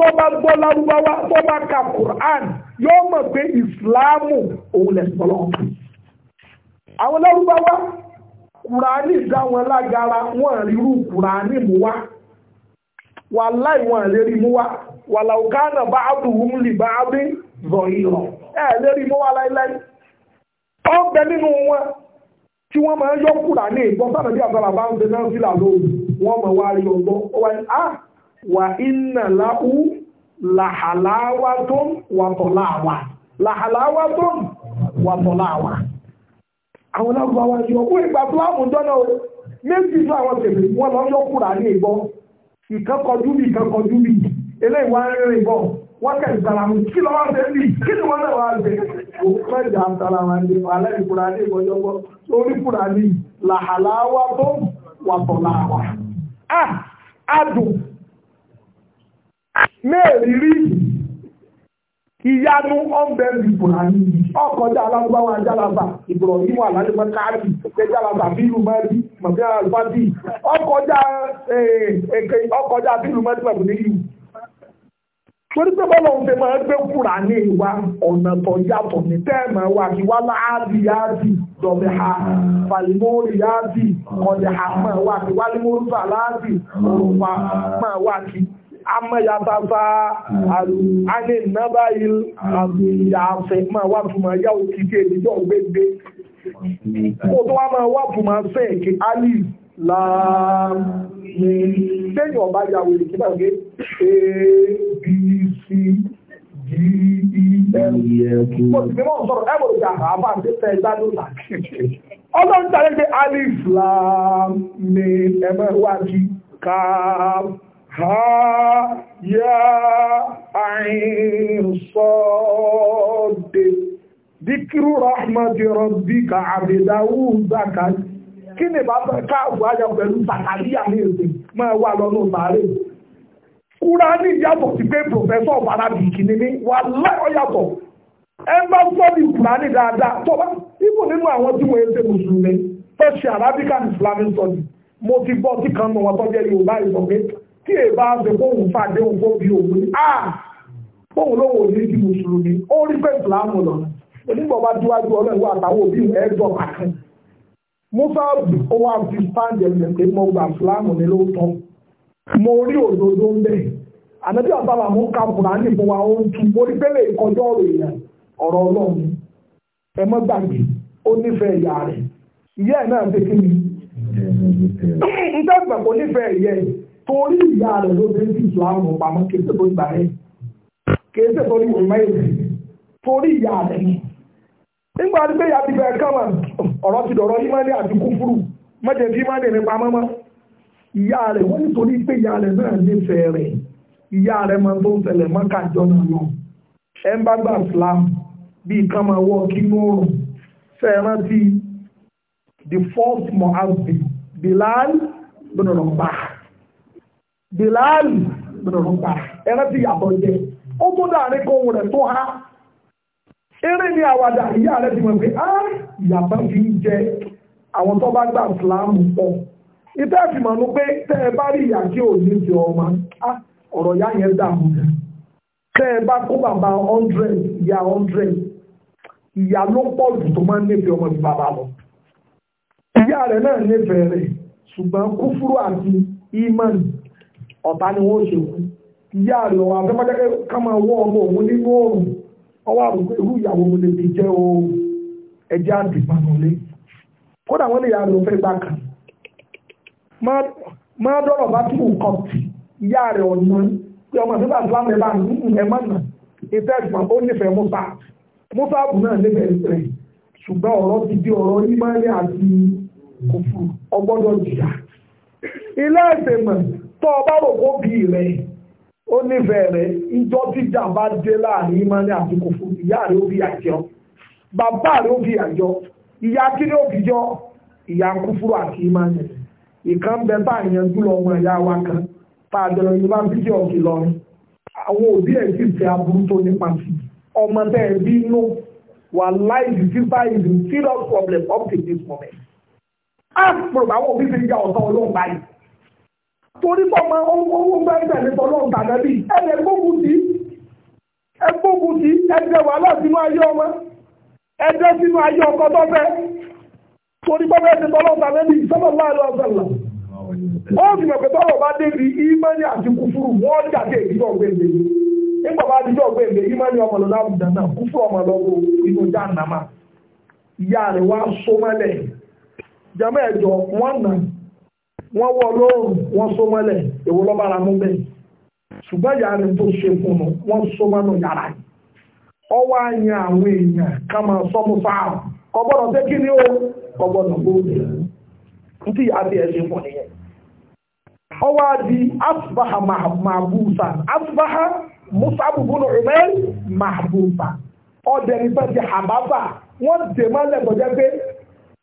tó bá gbọ́ lárúbáwá tó bá ka Quran yóò mọ̀ pé ìsìláàmù òun lẹ̀ sọ́lọ́ àwọn lárúbáwá Kùránì dá wọn lágara wọn rírú Kùránì mú wá wà láì wọn lérí mú wá wà làwùkánà bá àbùhùn lè bá àbí zọ̀yìnrọ̀ ẹ̀ lérí mú wá láíláí ó ń bẹ nínú wọn tí wọ́n máa ń yọ Kùránì ìbọn sáà nàbí àgbàlá bá ń bẹ náà fìlà lóòrùn wọ́n máa wá rí ọgbọ́n ó wáyé ah wà iná láhú làhàláwá tó wà tọ̀láwà làhàláwá tó wà tọ̀láwà àwọn lágbàwà yọkú ìgbà fúláàmù jọ́nà o méjì fún àwọn tèmi wọn lọ yọ kúrà ní ìbọn ìkẹ́kọ̀ọ́jú bí ìkẹ́kọ̀ọ́jú bí eléyìí ń rìn ìbọn wọ́n kẹ́ mẹ́rìírí ìyanu ọ̀bẹ̀rù ìbùràní ọkọjá anyị jálàbà ìbùrọ̀yìn wà lálẹ́gbẹ́ káàdì ṣe jálàbà ala mẹ́rin mọ̀bí alùpàdì ọkọjá èké ọkọjá bílù mẹ́rin pẹ̀lú níyù. torí pé bọ́lá òun ṣe máa gbé Kùránì wa ọ̀nà tó yàtọ̀ ní tẹ́ẹ̀mọ̀ ha falimori ha amáyàtàtà ànínábà ìlú àbúyàfẹ́ máa wà fún ma yá òkìkí èdèjọ́ gbégbé kò tó wá máa wà fún ma fẹ́ kí alì láàrín tẹ́yìn ọba yàwó èdè kíbà gé abc e, Ọlọ́run tàbí pé Alif Lam ní ẹmọ́ wájú káàkiri. ها يا عين صاد ذكر رحمة ربك عبده زكريا kí ni bàbá káàbù ayọ̀ pẹ̀lú zakaria ní èdè máa wà lọ́nà sàárè kúránì yàtọ̀ sí pé pòfẹ́sọ̀ farabìkì ni mí wà láì ọ̀yàtọ̀ ẹ bá sọ́ọ̀dì kúránì dáadáa tó bá nínú àwọn tí wọ́n arabic and islamic study mo ti gbọ́ tí kan mọ̀ tí èbá bẹ̀ bóhùn fàdé òun bóbi òun ní à bóhùn lówó ní ti mùsùlùmí ó rí pé ìsìlámù lọ onígbọ̀bá díwájú ọlọ́run àtàwọn òbí ẹ̀ẹ́dọ̀ àkàn musa ó wà fi stand ẹ̀mẹ̀ pé mo gbà ìsìlámù ní lóòótọ́ mo rí òdodo ń bẹ̀ ànábì àbára mú ká kùránì fún wa ó ń tu mo ìkọjọ́ ọ̀rọ̀ èèyàn ọ̀rọ̀ ọlọ́run torí ìyá rẹ̀ ló dé sí ìsìláàmù pamọ́ kì í ṣe torí bàrẹ́ kì í ṣe torí ìmọ̀ẹ́sì torí ìyá rẹ̀ ni. nígbà tí bẹ́ẹ̀ àti bẹ́ẹ̀ kàn ọ̀rọ̀ ti dọ̀rọ̀ ìmọ̀lẹ́ àti kúfúrú mọ̀jẹ̀ tí ìmọ̀lẹ́ ní pamọ́ mọ́. ìyá rẹ̀ wọ́n nítorí pé ìyá rẹ̀ náà nífẹ̀ẹ́ rẹ̀ ìyá rẹ̀ máa tó ń tẹ̀lẹ̀ mọ́kàjọ́ náà lọ. ẹ ń bá gbà islam bíi kán máa wọ kínú òrùn fẹ́ẹ̀rán the fourth mohazbi Bilal bin Rabah bìláàlì gbọdọ̀rọ̀gbà ẹran ti yàtọ̀ jẹ ó tó dáàrin kó ohun rẹ̀ tó há eré ní àwàdà ìyá rẹ̀ ti mọ̀ pé á ìyàtọ̀ fi ń jẹ àwọn tó bá gbà ìsìláàmù pọ̀ ìtẹ́ ìfìmọ̀ ní pé tẹ́ ẹ bá rí ìyá tí ò ní ti ọmọ ọ̀rọ̀ yá yẹn dààmú tẹ́ ẹ bá kó bàbá hundred ìyá hundred ìyá ló pọ̀ jù tó máa ń nífẹ̀ẹ́ ọmọ ìbí bàbá lọ ìyá rẹ̀ náà nífẹ̀ẹ́ rẹ̀ ṣùgbọ́n kúfúrú àti ìmánì ọ̀tá ni wọ́n ṣe kú ìyá rẹ̀ ọ̀hún afẹ́fẹ́jẹ́ ká máa wọ́ ọmọ òun nínú òòrùn ọwọ́ àbùkù irú ìyàwó mo lè fi jẹ́ o ẹjẹ́ àdìpanulé kódà wọ́n lè yà rẹ̀ òfẹ́ gbà kan máa dọ̀rọ̀ bá tún nǹkan tì ìyá rẹ̀ ọ̀nà pé ọmọ ìfẹ́ bàtú àmì bá ń ẹ̀ má nà ìfẹ́ ìgbọ̀n ó nífẹ̀ẹ́ mọ́fà mọ́fà bù náà nífẹ̀ẹ́ rẹ̀ ṣùgbọ́n ọ̀rọ̀ ti di ọ̀rọ̀ ìmọ̀lẹ́ àti kòfù ọgbọ́dọ̀ jìyà ilé ẹ̀sẹ̀ mọ̀ tọ́ ọba rògbò bí rẹ̀ ó nífẹ̀ẹ́ rẹ̀ ìjọ tíjà bá dé láàrin ìmọ̀lẹ́ àdúgbò fún ìyá rẹ̀ ó fi àjọ bàbá rẹ̀ ó fi àjọ ìyá kílẹ̀ ó fi jọ ìyá kúfúrú àti ìmọ̀lẹ́ ìkan bẹ bá àyànjú lọ ọmọ ìyá wa kan tá a jọ lọ yunifásitì ọ̀kì lọrin àwọn òbí ẹ̀ sì fẹ́ aburú tó nípa sí ọmọ tẹ́ ẹ bí inú wà láìsí sísá ìlú serious problem up to this moment. torí fọmọ owó ń bá ìtẹ̀lé tọ́lọ́ tàbí ẹ̀ẹ́dẹ̀ gbógun tí ẹgbógun tí ẹgbẹ́ wàhálà sínú ayé ọmọ ẹgbẹ́ sínú ayé ọkọ tó fẹ́ torí tàbí ọ̀sẹ̀lá ó sì mọ̀ pé tọ́lọ̀ bá ìmọ̀ni àti kúfúrú wọ́n ìdíjọ́ nígbà bá ìmọ̀ni wọ́n wọ́ lóòrùn wọ́n so mọ́lẹ̀ èwo ló bára mú bẹ́ẹ̀ ṣùgbọ́n ìyá rẹ̀ tó ṣe fún un wọ́n so mọ́nà yàrá yìí ọwọ́ àyàn àwọn èèyàn ká máa gbọ́dọ̀ pé kí ni ó kò gbọ́dọ̀ gbóòdè ntí ìyá bí ṣe fún nìyẹn ọwọ́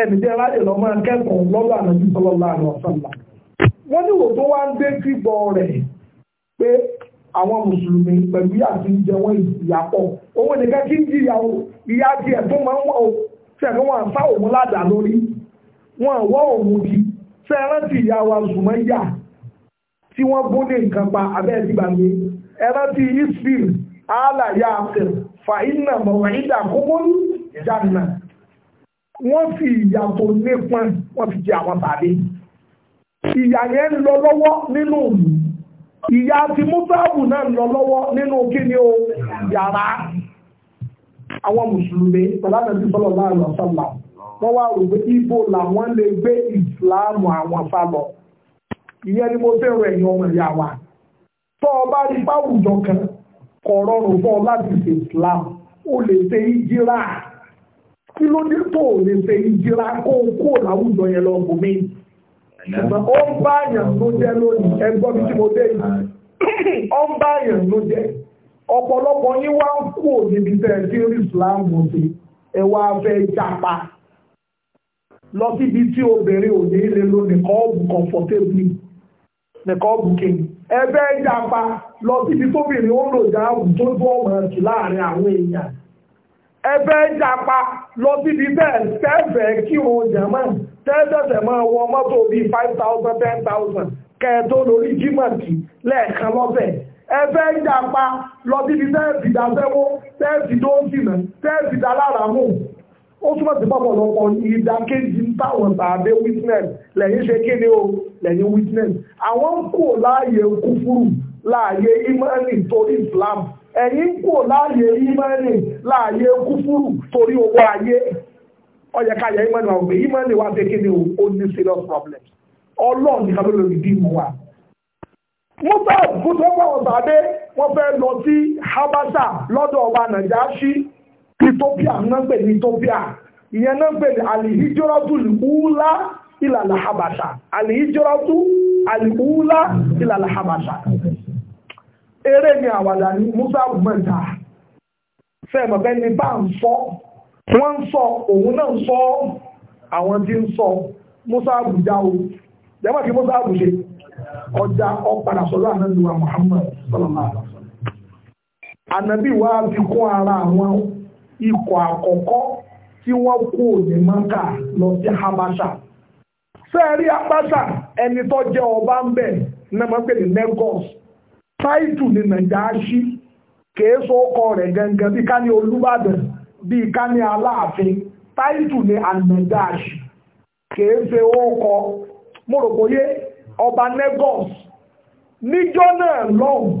ẹ̀mí jẹ́ láyé lọ máa kẹ́kọ̀ọ́ lọ́dọ̀ ànájú sọlọ́lá àná ọ̀sánlá wọ́n ní wò tó wá ń dé kíbọ̀ rẹ̀ pé àwọn mùsùlùmí pẹ̀lú ìyà tí ń jẹ wọ́n ìyàpọ̀ owó nìkan kí ń jí ìyàwó ìyá tí ẹ̀ tó máa ń wọ̀ sẹ́ni wọn sá òun ládàá lórí wọn wọ́ òun di sẹ́rántì ìyá wa zùmọ́ yà tí wọ́n bóde nǹkan pa abẹ́ ẹ̀dí bá mi ẹ̀rántì isbil àlàyé àfẹ́ fàínà mọ̀wáyídà kókólú ìjànà wọ́n fi ìyà tó nípọn wọ́n fi jẹ àwọn tàbí ìyà yẹn ń lọ lọ́wọ́ nínú òlù ìyà ti mútàbù náà ń lọ lọ́wọ́ nínú kíni o yàrá àwọn mùsùlùmí pẹ̀lú sọ́lọ̀ láàrin ọ̀sánlá wọ́n wá rò pé ibo làwọn lè gbé ìsìláàmù àwọn sálọ ìyẹn ni mo fẹ́ràn ẹ̀yin ọmọ ìyá wa tó o bá rí báwùjọ kan kọ̀ rọrùn fún ọ láti ṣe ìsìláàmù o lè ṣe ìjírà kí ló dé tó lè fẹ́ ìjìra kó kó láwùjọ yẹn lọ bò mí. ṣùgbọ́n ó ń bá àyàn ló jẹ́ lónìí ẹgbọ́n mi tí mo dé yìí ó ń bá àyàn ló jẹ́ ọ̀pọ̀lọpọ̀ yín wá ń kú níbi tẹ̀ tí ó rí Islam mọ̀ sí ẹ wá fẹ́ japa lọ síbi tí obìnrin ò ní lè lo nìkan ọ̀bù comfortably nìkan ọ̀bù kìnnì ẹ fẹ́ japa lọ síbi tóbìnrin ó lò jáàbù tó tó ọ̀mọ̀ ẹ̀kì láàrin àwọn èèyàn ẹbẹ́ japa lọ síbi bẹ́ẹ̀ tẹ́fẹ̀ kí o jẹ̀mọ́ tẹ́sẹ̀sẹ̀ máa wọ mọ́tò bíi five thousand ten thousand kẹ́ẹ̀tọ́ lórí jímọ̀tì lẹ́ẹ̀kan lọ́sẹ̀ ẹbẹ́ japa lọ síbi tẹ́ẹ̀sì dasẹ́wó tẹ́ẹ̀sì dóńtìnà tẹ́ẹ̀sì daláràmù ó túmọ̀ sí pọ̀pọ̀ lọ́pọ̀ ìdákéjì táwọn tàbí witness lẹ́yìn ṣe kéde o lẹ́yìn witness àwọn kò láàyè kúfúrú láàyè imani torí Islam ẹ̀yin kò láàyè ìmọ̀ẹ́nì láàyè kúfúrù torí owó ayé ọ̀yẹ̀káyà ìmọ̀ẹ́nì àwọn òbí ìmọ̀ẹ́nì wa tẹ́kẹ́ ní ní serious problems ọlọ́run nìkan ló lórí bí wa. wọ́n tó wọn bàdé wọ́n fẹ́ lọ sí Habasa lọ́dọ̀ ọba Ethiopia náà pè ní Ethiopia ìyẹn náà pè ní alihijoratu Habasa. eré ni àwàdà ní musa mẹ́ta fẹ́ẹ̀mọ̀ bẹ́ẹ̀ ni bá ń sọ wọ́n ń sọ òun náà ń sọ àwọn tí ń sọ musa àbùjá o jẹ́mọ̀ kí musa àbùjá ọjà ọ̀padà sọ́dọ̀ Muhammad wa fi kún ara àwọn ikọ̀ àkọ́kọ́ tí wọ́n kú òní mọ́kà lọ sí habasha sẹ́ẹ̀rí habasha ẹni tó jẹ́ ọba ń bẹ̀ ní Lagos sáìtù e nàìjáṣí kèéso ọkọ rẹ̀ gangan bí ká ní olúbàdàn bí ká ní aláàfin táìtù ní ànàjáṣí ọkọ ọba Lagos níjọ́ náà lọ́hùn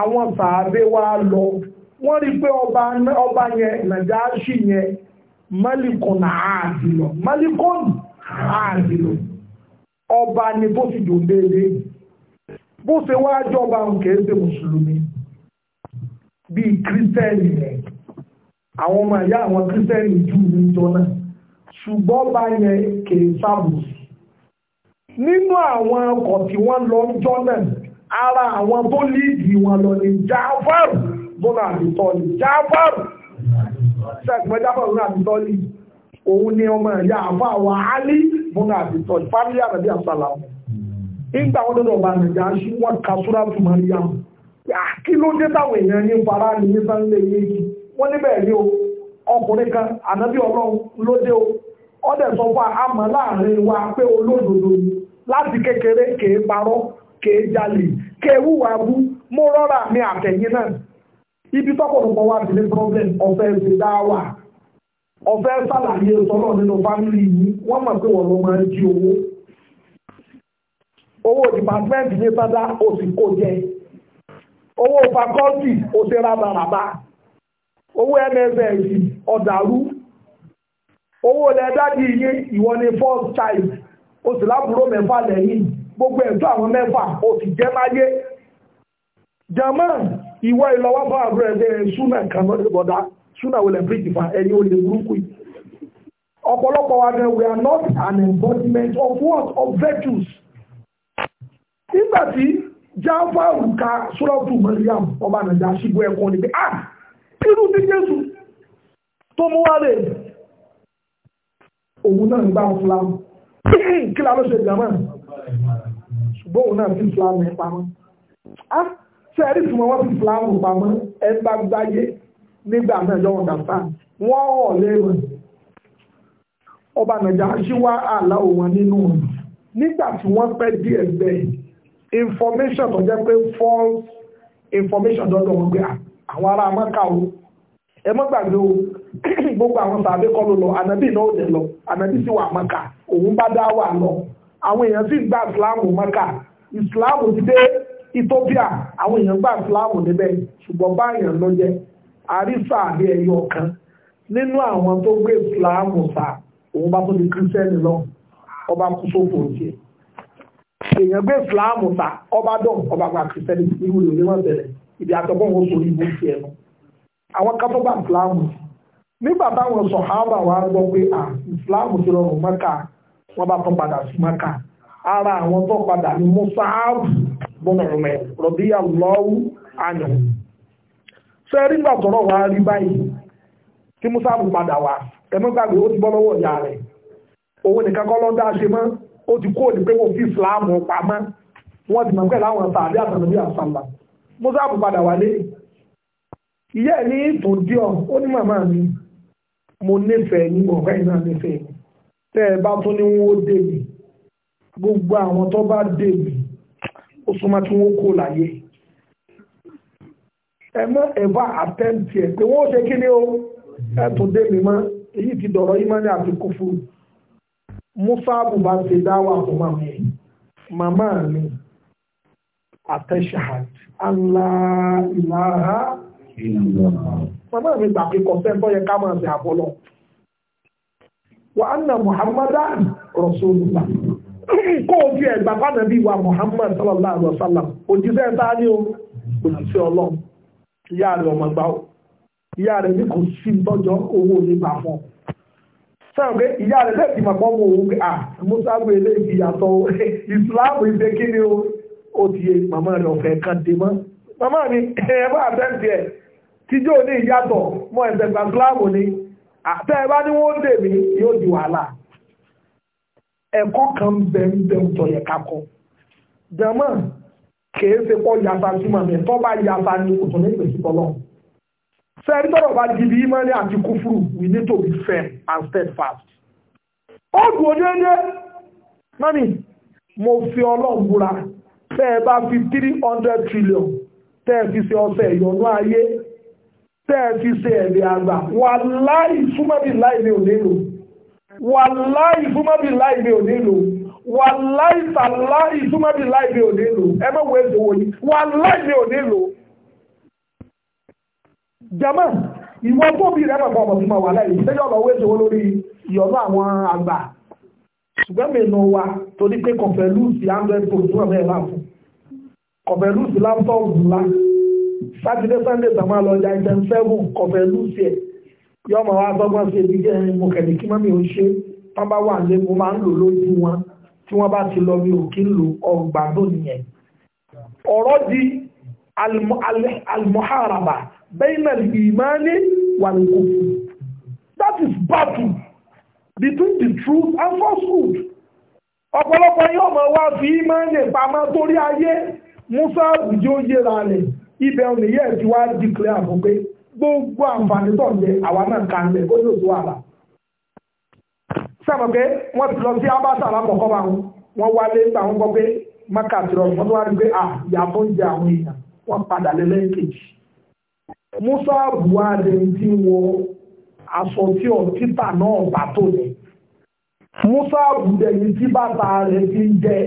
àwọn sàábé wa lọ wọ́n rí pé ọba yẹn nàìjáṣí yẹn mọ́lìkùn àádìlọ mọ́lìkùn ọba ni bó ti bó ṣe wá jọba òkè ṣe mùsùlùmí bíi kírísítẹ́nì rẹ̀ àwọn ọmọ ìyá àwọn kírísítẹ́nì jù ní jọ náà ṣùgbọ́n bá yẹn kè é sábùsì nínú àwọn ọkọ̀ tí wọ́n lọ ń jọ náà ara àwọn tó líìdì wọn lọ ní Jafar bọ́lá àbítọ́lì Jafar sẹ́gbẹ́ Jafar bọ́lá àbítọ́lì òun ni ọmọ ìyá àfọ àwọn Alí bọ́lá àbítọ́lì fámílì àbẹ̀bí àṣàlàmù nígbà wọn dọ́dọ̀ bá nàìjà ṣí wọn ka súrà tù Mariam kí ló dé táwọn èèyàn fara ní yín sáà ń lé kí wọ́n níbẹ̀ o ọkùnrin kan ànábì ọlọ́run lóde o ọdẹ sọ fún àmọ́ láàrin wa pé olódodo ni láti kékeré kèé parọ́ kèé jalè kèé wúwa bú mo rọra mi àtẹ̀yìn náà ibi tọ́pọ̀lọpọ̀ wa ti ní problem ọ̀fẹ́ ti dá wà ọ̀fẹ́ sàlàyé sọ́nà nínú fámìlì yìí wọ́n mọ̀ pé wọ́n lọ máa owó owó dìpàtmẹ́ǹtì ní sádá ó sì kó jẹ owó fakọ́ọ̀tì ó ṣe rádaràdá owó nss ọ̀dàrú owó lẹ́dájì iye ìwọ ni first child ó sì lábúrò mẹ́fà lẹ́yìn gbogbo ẹ̀tọ́ àwọn mẹ́fà ó sì jẹ́ láyé jama ìwọ ìlọ́wọ́ bá àbúrò ẹgbẹ́ súnà kan lọ́dọ̀ wọlé bíríkì fa ẹni ó lè burúkú yìí ọ̀pọ̀lọpọ̀ wa gan we are not an embodiment of what of virtues nígbà tí jáfàrù ka sọ́rọ̀tù Mariam ọba nàìjà sígbó ẹ̀kọ́ ni pé ah irú bí Jésù tó mú wálé òun náà ń gbá fúlàmù <clears throat> kí la ló ṣe jàmọ́ ṣùgbọ́n òun náà fi fúlàmù ẹ̀ pamọ́ ah ṣe ẹ̀rí tí wọ́n fi fúlàmù pamọ́ ẹ̀ bá gbáyé nígbà náà yọ̀ ọ̀dàfà wọ́n họ̀ lérò ọba nàìjà ṣíwá àlà òun nínú nígbà tí wọ́n pẹ́ díẹ̀ bẹ́ẹ̀ information tó jẹ́ pé false information dọ́dọ̀ wọn gbé ah, àwọn ará mọ́kà o ẹ o <clears throat> gbogbo àwọn sàbẹ́ kọ́ ló lọ ànábì náà dẹ̀ lọ ànábì sì wà mọ́kà òun bá dá wà lọ gba ìsìláàmù ìsìláàmù ti dé Ethiopia àwọn èèyàn gba ìsìláàmù níbẹ̀ ṣùgbọ́n báyàn ló jẹ́ àríṣà àbí ẹ̀yọ kan nínú àwọn tó gbé ìsìláàmù sà òun bá tó di lọ ọba kú sófò èèyàn gbé fìlàmù ta ọba dọ̀n ọba gba kìrìsìtẹ́nì irú rẹ̀ wọ́n bẹ̀rẹ̀ ibi àtọ́gbọ́n wọn sọ ibo ti ẹnu àwọn kátó bá fìlàmù nígbà táwọn sọ̀hábà wa gbọ́ pé à fìlàmù ti rọrùn mọ́kà wọ́n bá tún padà sí mọ́kà ara àwọn tó padà ní Mus'ab bọ́nà rẹ̀ radiyallahu anhu sọ ẹ̀rí gbà tọ̀rọ̀ wá rí báyìí tí Mus'ab padà wá ẹ̀mọ́gbàgbé ó ti bọ́ lọ́wọ́ ìyá rẹ̀ òun nìkan kọ́ lọ́dá ṣe mọ́ ó ti kó ní pé kò fi ìsìláàmù pamọ́ wọ́n ti mọ̀ pé láwọn tàbí àtàlùbí àsàlà musa kò padà wálé ìyá ẹ̀ ní tòdíọ̀ ó ní màmá mi mo nífẹ̀ẹ́ ní ọ̀rẹ́ iná nífẹ̀ẹ́ mi tẹ́ ẹ bá tún ní wọ́n ó dé mi gbogbo àwọn tó bá dé mi ó súnmọ́ tí wọ́n kó láyé ẹ mọ́ ẹ̀bá àtẹ́ǹtì ẹ̀ pé wọ́n ó ṣe kí ni ó ẹ̀ tún dé èyí ti dọ̀rọ̀ yìí mọ́ ní àfikún fún un musaabu bá ti dáwà fún màmá mi màmá mi àtẹ̀ṣàhàd aláìláha màmá mi gbà pé kọ̀sẹ́ tó yẹ ká máa ṣe àbọ̀lọ́ wa anna muhammadan rasulullah kó o fi ẹ̀gbà fáwọn ẹbí wa muhammad sallallahu alaihi wa sallam òjíṣẹ́ sáà ni o òjíṣẹ́ ọlọ́run ìyá ọmọ gbà ó ìyá kò sí tọ́jọ́ owó ní bàfọ́ sẹ́wọ̀n pé ìyá rẹ̀ lẹ́ẹ̀tì màpọ̀ mọ̀ òun à ah, mọ́sáàbù eléyìí ìyàtọ̀ <laughs> ìsìláàmù ìṣe kí ni ó ti yé màmá rẹ̀ ọ̀fẹ́ kan dé mọ́ màmá mi <laughs> ẹ bá àtẹ́ǹtì ẹ̀ tíjọ́ ní ìyàtọ̀ mọ́ ẹ̀sẹ̀ gbàgbàmù ni àtẹ́ ah, ẹ bá ní wọ́n dè mí yóò di wàhálà ẹ̀kọ́ kan bẹ́ẹ̀ tọ̀ yẹ kakọ jẹ́mọ́ kèé ṣe pọ̀ yàtà sí màmí ẹ̀ tọ́ bá yàtà ní kòtò ní ìpèsè tọ́lọ́run sẹ́rí tọ́rọ̀ bá jìbì ìmọ̀lẹ́ àti kúfúrú we need to be firm and steadfast. ó dùn ojú ẹyẹ mami mo fi ọlọ́run búra tẹ́ ẹ bá fi three hundred trillion tẹ́ ẹ fi ṣe ọṣẹ ìyọnú ayé tẹ́ ẹ fi ṣe ẹ̀rẹ̀ àgbà wà láì súnmọ́bì láì mi ò nílò wà láì súnmọ́bì láì mi ò nílò wà láì sàláì súnmọ́bì láì mi ò nílò ẹ mọ̀ wẹ́ẹ́ jama ìwọ tó bí rẹ̀ pọ̀ ọmọdé máa wà láyé ìṣẹ́jọ́ ọ̀rọ̀ owó èso lórí ìyọ̀nà àwọn àgbà ṣùgbọ́n mẹ́nu wa torí pé kọfẹ́lúùsì android phone tó ọ̀rẹ́ rà fún kọfẹ́lúùsì láńtọ́ọ̀bù ńlá sátidé sunday tàmá lọ ja item seven kọfẹ́lúùsì ẹ̀ yọ ọmọ wa sọgbọ́n sí ebi jẹ́ mo kẹ̀lé kí mọ́mí ò ṣe wọ́n bá wà lé mo máa ń lò lójú wọn tí wọ́n bá ti lọ mi ò kí ń lo ọgbà lónìí yẹn ọ̀rọ̀ di almuharaba al bainal imani wal kufr. That is battle between the truth and falsehood. Ọ̀pọ̀lọpọ̀ yóò máa wá fi ìmánì pamọ́ torí ayé Musa àwùjọ yẹra rẹ̀ ibẹ̀ oníyẹ̀ ti wá dìklẹ́ àbúgbé gbogbo àǹfààní tó ń jẹ àwa náà kà ń bẹ̀ ó yóò tó àlà. Sábà pé wọ́n ti lọ sí Abasa bá wọn, wọ́n wálé gbọ́ pé wọ́n tó wá rí pé ah, musa buhari ti wo aṣọ tí ọ títà náà bá tó ní musa buhari tí bàtà rẹ̀ ti ń jẹ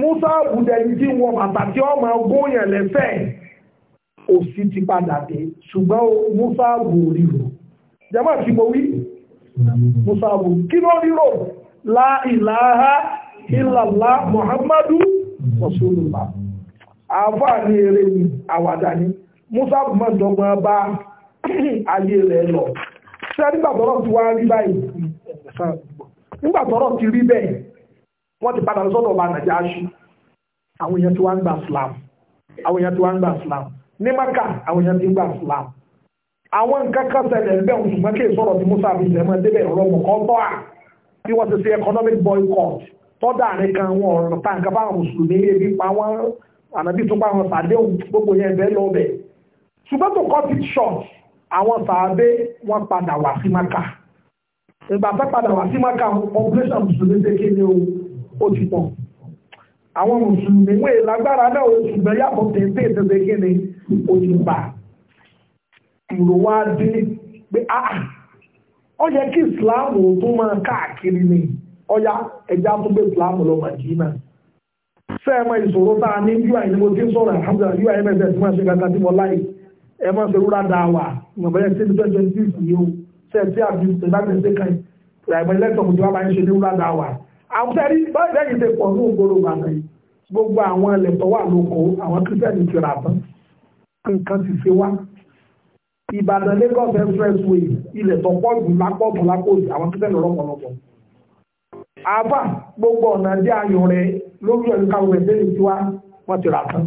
musa buhari tí wọ bàtà tí ọmọ ogún yẹn lẹ́sẹ̀ òsì ti padà dé ṣùgbọ́n musa buhari rò jẹ́mọ̀ tí mo wí musa buhari kí ló rírò láìláha ìlàlá muhammadu rasulullah àfáà ní eré ni àwàdà ni musa mọ̀ dọ́gbọ́n bá ayé rẹ̀ lọ ṣé nígbà tọ́rọ̀ ti wá rí báyìí nígbà tọ́rọ̀ ti rí bẹ́ẹ̀ wọ́n ti padà sọ́dọ̀ ọba nàjáṣu àwọn èèyàn tí wọ́n ń gbà Islam àwọn èèyàn tí wọ́n ń gbà Islam ní maka àwọn èèyàn tí ń gbà Islam àwọn nǹkan kan ṣẹlẹ̀ ẹgbẹ́ òṣù mọ́kè sọ̀rọ̀ tí musa fi ṣẹ̀mọ́ débẹ̀ ọ̀rọ̀ mọ̀kọ́ tọ́ à bí wọ́n ti ṣe economic boycott tọ́dà nìkan wọn ọ̀rọ̀ tá nǹkan báwọn mùsùlùmí ebi pa wọn ànàbí tún pa wọn sàdéhùn gbogbo yẹn bẹ́ẹ̀ lọ́bẹ̀ẹ́ ṣùgbọ́n tó cut it short àwọn sàábé wọ́n padà wá sí maka ìgbà tó padà wá sí maka operation mùsùlùmí ṣe kí ni ó ti tàn àwọn mùsùlùmí wọ́n lágbára náà ó ti bẹ̀rẹ̀ yàtọ̀ tẹ̀síẹ̀ tẹ̀síẹ̀ kí ni ó ti bà ìrò wa dé pé ah ó yẹ kí Islam ò tún máa káàkiri ni ọya ẹja tó gbé Islam lọ Màdínà sẹ́ẹ̀mọ ìṣòro tá a ní ui ni mo ti ń sọ̀rọ̀ alhamdulilayi ui mss máa ṣe kankan tí mo láì ẹ mọ́ ṣe wúrà dáa wà ìmọ̀bẹ̀rẹ̀ ṣe ní twenty twenty six yìí o ṣe ti àbí ìbáṣẹ̀ ṣe kan ìgbà ìlẹ́tọ̀ kò tí wọ́n máa ń ṣe ní wúrà dáa wà. àwọn sẹ́rí báyìí lẹ́yìn ṣe pọ̀ ní ògbóró bàtà yìí gbogbo àwọn ẹlẹ́tọ̀ wà lóko àwọn kírísẹ́nì ti rà tán nǹkan sì ṣe wá. Ìbàdàn Lagos expressway ilẹ̀ tó pọ̀ jù lápọ̀ tó lápọ̀ jù àwọn kírísẹ́nì lọ́pọ̀lọpọ̀. àbá gbogbo ọ̀nà jẹ́ ayọ̀ rẹ̀ lórí ọ̀nà káwọn ẹ̀dẹ́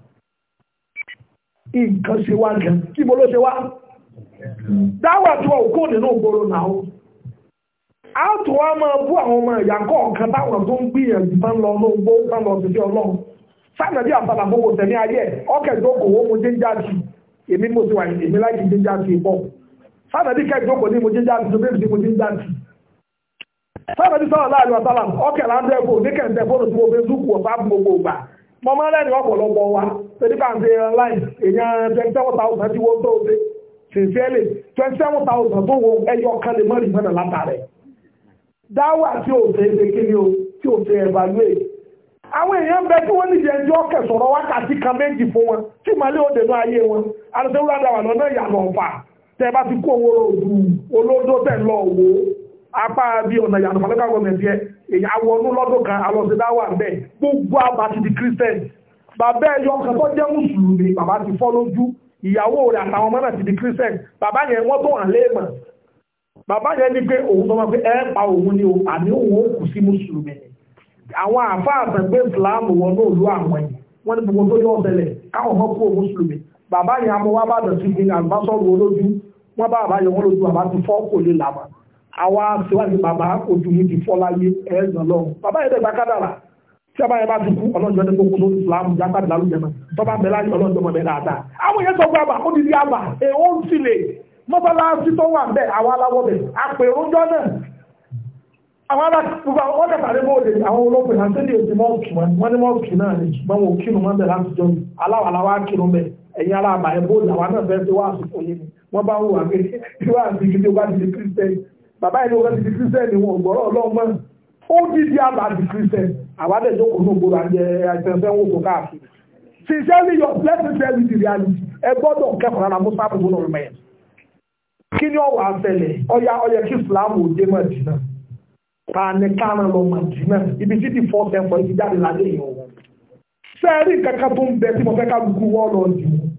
nǹkan ṣe wá gan kí mo ló ṣe wá dáwà tí wọn kò nínú ìgboro náà á tún wá máa bú àwọn ọmọ ìyá kọ̀ọ̀kan táwọn tó ń gbìyànjú bá ń lọ ní ogbó bá ń lọ sí ọlọ́run sànàbí àfàlà fowó tẹ̀lé ayé ọkẹ́ ìdókòwò mo sí èmi mo ti wà èmi sí bọ́ sànàbí kẹ́ ní mo sí mo sí sànàbí sọ̀rọ̀ láàrin mo máa lẹ́rìí ọ̀pọ̀lọpọ̀ wa torí bá ń ṣe online èèyàn twenty seven thousand tí twenty seven thousand tó wo ẹyọ kan lè mọ́rin mọ́nà látàrẹ̀ dáwà tí ò ṣe é ṣe kí ni o tí ò ṣe evaluate àwọn èèyàn bẹ tí wọ́n ní ìjẹ́ ẹjọ́ kẹsọ̀rọ̀ wákàtí kan méjì fún wọn tí màálẹ̀ òdènú ayé wọn alùsẹ́wúrádà wà lọ́nà ìyànà ọ̀fà tẹ́ bá ti kó owó olódó tẹ̀ lọ apá bí ọ̀nà ìyànà fàlẹ́kà gọ́ọ̀mẹ̀ntì ẹ̀ èyàn awọnú lọ́dún kan alọ́sídáwà ń bẹ̀ gbogbo àbá ti di christian bàbá ẹ̀yọ kan tó jẹ́ mùsùlùmí bàbá ti fọ́ lójú ìyàwó rẹ̀ àtàwọn ọmọ náà ti di christian bàbá yẹn wọ́n tó hàn léèmọ̀ bàbá yẹn ní pé òun tó máa pé ẹ pa òun ni o àní òun ó kù sí mùsùlùmí ni àwọn àfa àtẹ̀gbé ìsìláàmù wọn náà lú àwọn yìí wọ́n ní gbogbo tó yọ àwa síwájú bàbá ojú mi ti fọ́ láyé ẹ̀ẹ́dàn lọ bàbá yẹn dẹ̀gbà kádàrà tí a bá yẹ bá ti kú ọlọ́jọ́ ní gbogbo lórí islam jápá ìlàlújẹ náà tọ́ba bẹ̀rẹ̀ àyè ọlọ́jọ́ mọ̀ bẹ̀rẹ̀ dáadáa àwọn èèyàn sọ pé àbà ó di di àbà èèwọ̀ ń sílẹ̀ mọ́sálásí tó wà bẹ́ẹ̀ àwọn aláwọ̀ bẹ̀ àpèròjọ́ náà àwọn alákùnrin wọn kàtàrí bóde àwọn olóògbé náà sẹ́ni èdè mọ́ọ̀kì wọn ní mọ́ọ̀kì náà ni ṣùgbọ́n wọn ò kírun mọ́ bẹ̀rẹ̀ láti jọ aláwọ̀ aláwọ̀ kírun bẹ̀ ẹ̀yin aláàbà ẹ̀ bóde àwọn náà fẹ́ẹ́ ti wá àsìkò yìí ni wọ́n bá ń wà pé ìwà àti ìdílé wá di kírísítẹ́nì bàbá ìlú ọ̀gá ti di kírísítẹ́nì wọn gbọ́rọ̀ ọlọ́mọ ó di di àbá di kírísítẹ́nì àwádẹ́ tó kò ní ògbóró àjẹ àjẹsẹ́ wọn kò káàkiri sincerely your blessing tell you the reality ẹ gbọ́dọ̀ kẹ́kọ̀ọ́ rárá musa àbúgbò náà rẹ̀ kí ni ọwọ́ àṣẹlẹ̀ ọya ọyẹ kí Islam ò dé Mẹ́dínà tani kánà lọ Mẹ́dínà ibi tí di fọ́ọ̀tẹ̀ fọ́ ibi jáde lálẹ́ yìí ọ̀hún sẹ́ẹ̀rì kankan tó ń bẹ tí mo fẹ́ ká gbogbo wọ́ọ̀lọ́ọ̀dì wọn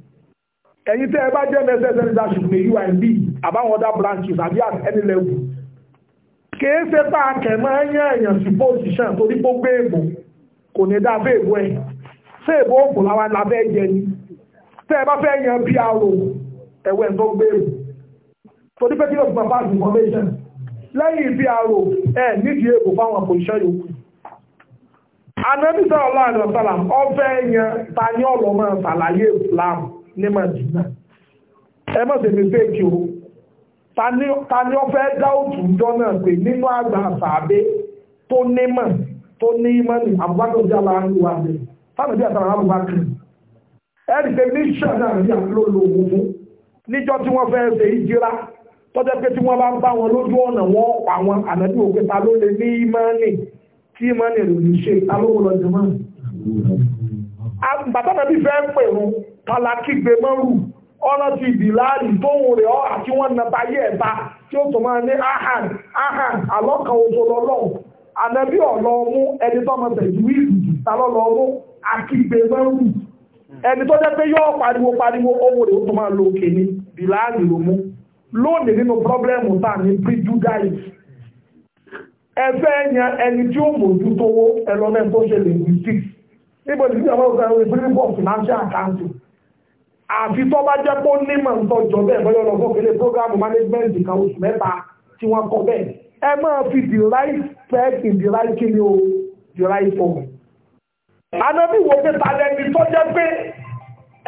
ẹ̀yin tẹ́ ẹ bá jẹ́ necessary leadership ní UNB àbáwọn other branches àbí at any level kìí ṣe bá a kẹ̀ máa ń yán èèyàn sí position torí gbogbo èèbò kò ní dá fẹ́ èèbò ẹ̀ ṣé èèbò òkú làwọn làbẹ́ jẹ ni tẹ́ ẹ bá fẹ́ yan PRO ẹ̀wẹ̀ tó gbé èèbò torí pé kí ló fi máa pass information lẹ́yìn PRO ẹ̀ nídìí èèbò fáwọn position yòókù anabisa ọlọ́run ọ̀sálàm ọ̀fẹ́ yan ta ni ọ̀lọ́ máa ṣàlàyé Islam ní Madina ẹ má ṣe mi fèkì o ta ni ó fẹ́ dá òtún jọ náà pé nínú àgbà àfàbé tó nímọ̀ tó ní ìmọ̀ ní àbúgbàgbọ̀ ìjà láàrin wa rẹ̀ fáwọn ìdí àtàrà àbúgbà kiri ẹ̀rì pé ní ṣẹ̀dá àrí àlọ́ lòun mú níjọ́ tí wọ́n fẹ́ ṣe ìjírá tọ́jọ́ pé tí wọ́n bá ń bá wọn lójú ọ̀nà wọn pa wọn ànábì òkúta ló lè ní ìmọ̀ọ́nì tí ìmọ̀ọ́nì rẹ̀ lè ṣe ìtalówó lọ́jọ́ mọ́ bàtà nàbí fẹ́ pè wọn kàlàkígbe mọ́rù ọ̀rọ̀ ti ìdìláàrí tó ń rẹ̀ ọ́ àti wọ́n na tayé ẹ̀ta tí ó tó máa ní ahan ahan alọ́kan oṣù lọ́lọ́run ànábì ọ̀lọ́ọ̀mú ẹni tó mọ̀ tẹ̀jú ìlú talọ́lọ́ọ̀mú akígbe mọ́rù ẹni tó jẹ́ pé yóò pariwo pariwo ohun rẹ̀ ó tó máa lo òkè ní ìdìláàrí ló mú lónìí nínú pọ́blẹ́mù tá ní prejudice ẹfẹ́ yan ẹni tí ó mójútówó ẹlọ́mẹ́ tó ṣe linguistics níbo ni ọmọ òkè àwọn ìpínlẹ̀ àfi tó bá jẹ́ pé ó ní màá ń tọjọ bẹ́ẹ̀ bọ́yọ̀ lọ fún kele program management kan oṣù mẹ́ta tí wọ́n kọ bẹ́ẹ̀ ẹ máa fi the right spec in the right kí o the right form. anábì wo pé talẹ̀ ní tó jẹ́ pé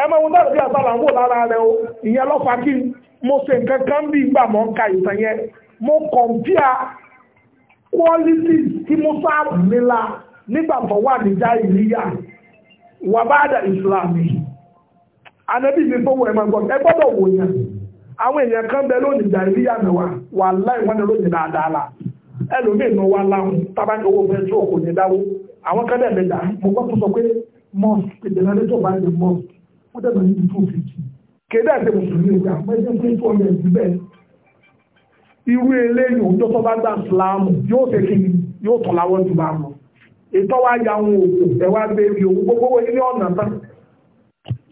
ẹ máa wo dáàbò bí àtàlà ń wò lára rẹ o ìyẹn lọ́fà kí mo ṣe nǹkan kan bí ìgbà mọ́ ka ìtàn yẹn mo kọ̀m̀pìà quality tí mo sáà nílá nígbà tó wà ní jáì níyà wàbáàdà ìsìlámù yìí. anẹ́bí mi fọwọ́ ẹ̀mọ́ ẹ̀gbọ́n ẹ wò yẹn àwọn èèyàn kan bẹ lónìí ìjà ìlú yàmẹ̀ wà láì ní lónìí dáadáa la ẹlòmíì nu wa láhùn tábà ní owó pẹ̀tró kò ní dáwó àwọn kan dẹ̀ dà mo gbọ́ tó sọ pé bá wọ́n dẹ̀ ní kéde àti mùsùlùmí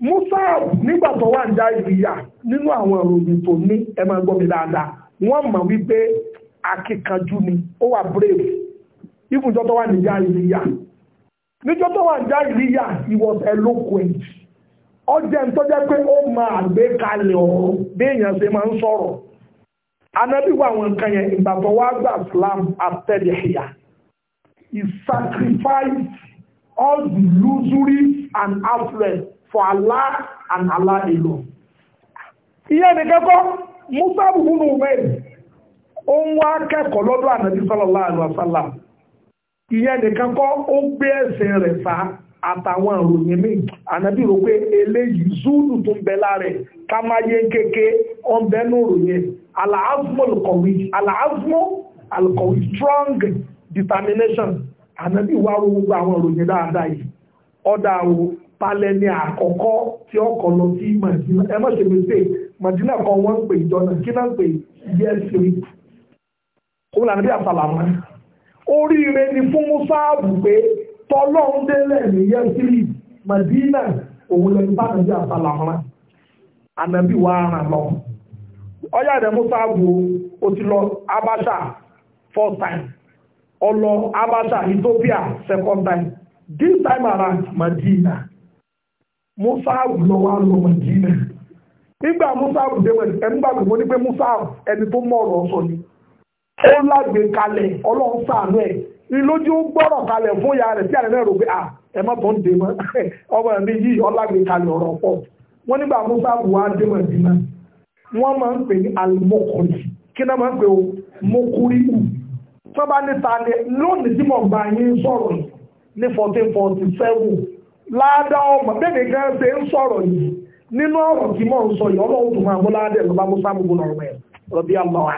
musa nígbà tó wà ń já ìrìyà nínú àwọn ìròyìn tó ní ẹ máa mi dáadáa wọ́n mọ̀ wípé akíkanjú ni ó wà brave ìfúnjọ́ tó wà ní já ìrìyà níjọ́ tó wà ń já ìrìyà was eloquent ọjẹ́ ń tọ́jẹ́ pé ó máa gbé ọ̀rọ̀ bí èèyàn ṣe máa ń sọ̀rọ̀ anábì wà àwọn nǹkan yẹn ìgbà tó all the and affluence for Allah and Allah alone. Ìyẹ́ ni kẹ́kọ́, Musa Bùbúnú Umeri, ó ń wá kẹ́kọ̀ọ́ lọ́dọ̀ Ànàbí sallallahu alaihi wasallam. Ìyẹ́ ni kẹ́kọ́, ó ń gbé ẹ̀sìn rẹ̀ sá àtàwọn ìròyìn míì. Ànàbí rò pé eléyìí zúùdù tó ń bẹ lára ẹ̀ ká má yé kéke ọ̀nbẹ́nu ìròyìn. Àlàáfùmọ̀ lùkọ̀wé, àlàáfùmọ̀ àlùkọ̀wé strong determination. Ànàbí wá wo gbogbo àwọn ìròyìn dáadáa yìí. Ọ̀dà wo talẹ̀ ni àkọ́kọ́ tí ọkọ̀ lọ sí Madina ẹ má ṣe mistake Madina kan wọ́n ń pè ìjọ kí náà pè yẹ́sìrì kó lànà bí oríire ni fún pé délẹ̀ ní yẹ́sìrì Madina òun lọ bá nàbí àsàlámà ànàbí wa ràn lọ ọyá rẹ̀ Musaabu o ti lọ time ọlọ abacha Ethiopia second time this time around Madina. musaabu lọ wá lọ Mẹdínà nígbà musaabu dé wẹ̀ ẹ̀ nígbà tó wọ́n pé musaabu ẹni tó mọ̀ sọ ni ó lágbe kalẹ̀ ọlọ́run ṣàánú ẹ̀ ìlójú gbọ́rọ̀ kalẹ̀ fún ya rẹ̀ tí àrẹ náà rò pé ah ẹ má tó ń dè mọ́ <laughs> ọmọ mi yìí ọlágbe kalẹ̀ ọ̀rọ̀ pọ̀ wọ́n nígbà musaabu wá dé Mẹdínà wọ́n máa ń pè ní alimokori kí náà máa ń pè ó mokuriku tó bá níta ni lónìí tí mo gbà yín sọ̀rọ̀ ní fourteen forty seven láàdá ọmọ bẹ́ẹ̀ gan ṣe ń sọ̀rọ̀ yìí nínú ọ̀rọ̀ tí mò ń sọ yìí ọlọ́run tó máa mú láàdá ẹ̀ lọ́ba musa gbogbo ọ̀rọ̀ ẹ̀ rọ̀bí àlọ́wà.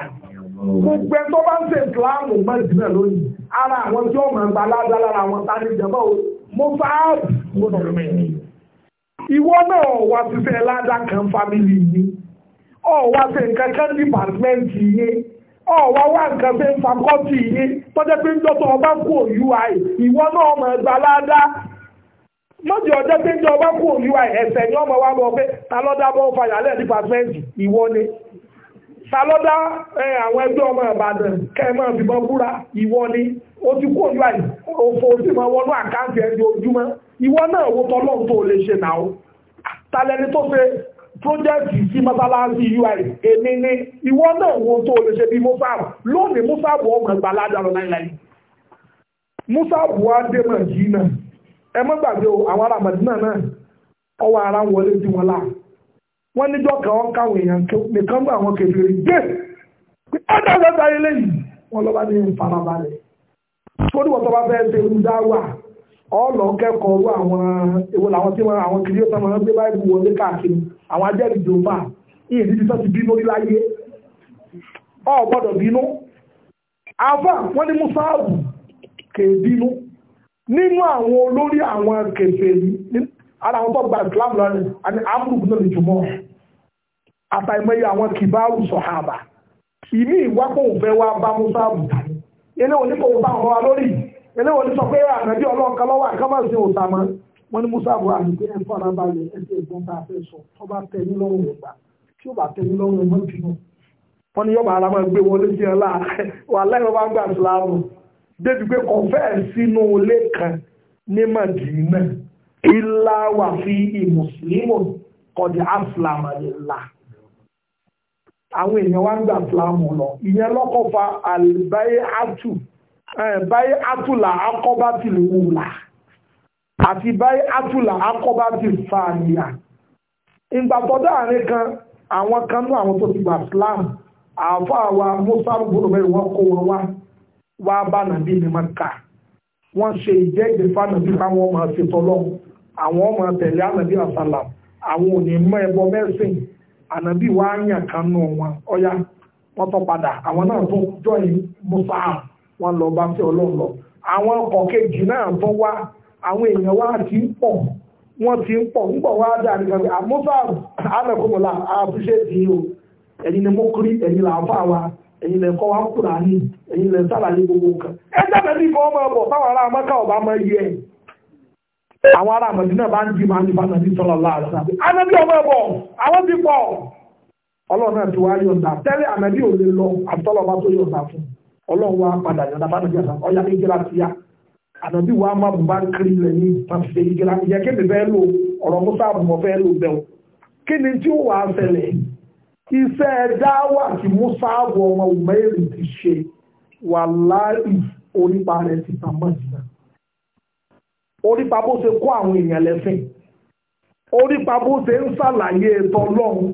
gbogbo ẹ̀ tó bá ń ṣe ìsìláàmù mọ́ ìdílé lónìí ara àwọn tí ó máa ń o mo fà á gbogbo ọ̀rọ̀ ẹ̀. ìwọ náà wá ṣiṣẹ́ láàdá kan fámìlì yìí ọ̀ wá ṣe nǹkan kan dìpàtmẹ́ǹtì yìí ọ̀wá wá nǹkan fẹ́ fakọ́tì yìí tọ́jẹ́ pé ń dọ́tọ̀ ọba kú òyú àì náà mọ̀ ẹgbà ládàá lójú ọjọ́ pé jọ ọba kú òníwà ọmọ wa bọ̀ pé ta bọ dá bọ́ fàyà lẹ́ dìpàtmẹ́ǹtì ìwọ ni ta ló àwọn ẹgbẹ́ ọmọ Ìbàdàn kẹ́ẹ̀mọ́ fìbọn búra ni ti kú òfò wọnú àkáǹtì ẹni ìwọ náà wo tó lè ṣe náà tó ṣe ui èmi ni ìwọ náà tó lè ṣe bí lónìí ọmọ ẹ má gbàgbé o àwọn ará Màdínà náà ọwọ́ ara ń wọlé sí wọn láà wọ́n níjọ́ kan wọ́n káwọn èèyàn nìkan gbà wọn kẹfìrí dé ọjọ́ ìjọba ilé yìí wọ́n lọ́ba ní ìfarabalẹ̀ torí wọ́n tó bá fẹ́ ṣe irú dáwà ọ̀ọ́lọ́ kẹ́kọ̀ọ́ rú àwọn èwo làwọn tí wọ́n àwọn kìlí ọ̀sán máa ń gbé báyìí wọlé káàkiri àwọn ajẹ́rìí jòmbá yìí ní títọ́ ti bínú láyé ọ̀ gbọ́dọ̀ bínú àfà wọ́n ní musa kè bínú nínú àwọn olórí àwọn kèfèrí ara àwọn tó gba ìsìlámù lọ́rẹ̀ àti amúrùkú náà lè jùmọ̀ àtàìmọye àwọn kìbáàrù sọ̀hábà ìmí ìwákòó fẹ́ wá bá musa àbùtà eléwọ̀n ní kò bá àwọn wa lórí eléwọ̀n ní sọ pé àgbẹ̀bí ọlọ́ọ̀kan lọ́wọ́ àkámọ̀ sí òòtà mọ́ wọ́n ní musa àbúrò àdúgbò ẹ̀ fọ́nà balẹ̀ ẹgbẹ́ ìgbọ́n tá a fẹ́ sọ tó bá tẹ̀ ní lọ́rùn ìgbà tí ó bá tẹ̀ ní lọ́rùn ìgbà débi pé kò kan Madina ilá wa fi ìmùsùlùmù kọ̀dí áfìlàmù nílá àwọn èèyàn wá ń gbà fìlàmù lọ ìyẹn lọ́kọ̀ fa àlùbáyé àtùlà akọ́bá ti àti báyé àtùlà akọ́bá ti fà àárín kan àwọn àwọn tó ti gbà fìlàmù Musa gbọdọ̀ bẹ́ẹ̀ wọ́n wá bá nàbí ní maka wọ́n ṣe ìjẹ́gbẹ́ fánàbí káwọn máa ṣe tọ́lọ́ àwọn máa tẹ̀lé ànàbí àsàlà àwọn ò ní mọ ẹbọ mẹ́sìn ànàbí wá yàn kan nù wọn ọ̀yá wọ́n tọ́ padà àwọn náà tún jọyìn musa wọn lọ bá fẹ́ ọlọ́run lọ àwọn ọkọ̀ kejì náà tún wá àwọn èèyàn wá ti ń pọ̀ wọ́n ti ń pọ̀ ń pọ̀ wá dáa nìkan pé àmúfà àmẹ́kùnmọ̀lá àpúṣẹ́ ti yìí o ẹ̀yin ni mo kiri ẹ̀yin làáfà wa ẹ̀yin lẹ kọ́ wa Kùránì ẹ̀yin lẹ sàlàyé gbogbo nǹkan ẹ jábẹ́ ní ìfọwọ́ máa bọ̀ táwọn ará amẹ́ká ọba máa yẹ àwọn ará Mẹdínà bá ń di máa ń fa nàbí sọlọ láàrín àbí anábì ọmọ ẹbọ àwọn ti pọ̀ Ọlọ́run náà ti wá yọ̀ǹda tẹ́lẹ̀ ànábì ò lè lọ àtọ́lọ́ bá tó yọ̀ǹda fún Ọlọ́run wá padà yọ̀ǹda bá nàbí àtàkọ́ ọ̀yá ìjìlá ti yá ànábì wa má bùbá kiri iṣẹ́ dáwà tí Musa àbọ̀ ọmọ Umaru ti ṣe wà láàrín onípa rẹ̀ ti tàmọ́ ìsìnà onípa bó ṣe kó àwọn èèyàn lẹ́sìn onípa bó ṣe ń ṣàlàyé ètò ọlọ́run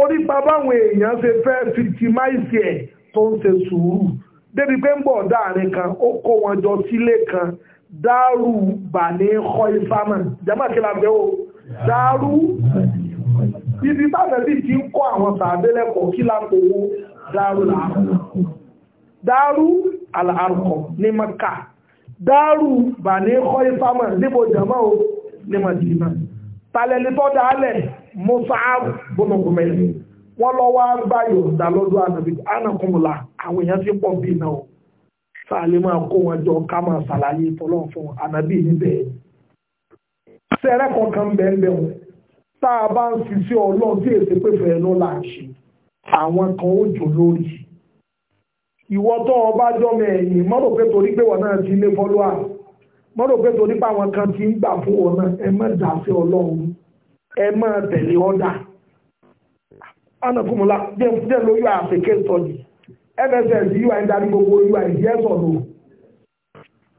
onípa báwọn èèyàn ṣe fẹ́ fìtìmáìsì ẹ̀ tó ń ṣe sùúrù débi pé ń bọ̀ dáàrin kan ó kó wọn jọ sílé kan dáàrú bà ní kọ́ ìfámà jẹ́mọ̀ kí la fẹ́ o dáàrú Ibi tábẹ̀bí ti ń kọ́ àwọn tàbílẹ̀kọ̀ kí lápòwó dárú làárùkọ̀. Dárú àlàárùkọ̀ ní Mẹ́kà. Dárú bà ní kọ́ ifámọ̀ níbo jẹ̀mọ́ o ní Màdínà. Talẹ̀lẹ́ tó dálẹ̀ Mùsáàb bọ́nà Gùmẹ̀lì. Wọ́n lọ wá gbá Yorùbá lọ́dọ̀ ànàbí ànàkùnmùlà àwọn èèyàn ti pọ̀ bí náà. Sáàlì kó wọn jọ ká máa ṣàlàyé tọ́lọ́ fún ànàbí níbẹ̀. Sẹ́rẹ́ kọ̀ọ̀kan bẹ́ẹ̀ bẹ́ẹ̀ tá a bá ń fi sí ọlọ́run tí èsì pé fẹ́ ló là ń ṣe àwọn kan ó jò lórí ìwọ tó o bá jọmọ ẹ̀yìn mọ́rò pé torí pé wọn náà ti lé fọ́lọ́à mọ́rò pé torí pé àwọn kan ti ń gbà fún wọn náà ẹ má dà sí ọlọ́run ẹ má tẹ̀lé ọ̀dà anakunmula jẹ́ ló yọ àfikẹ́ sọ́ọ̀dì mss ui darí gbogbo ui yes or no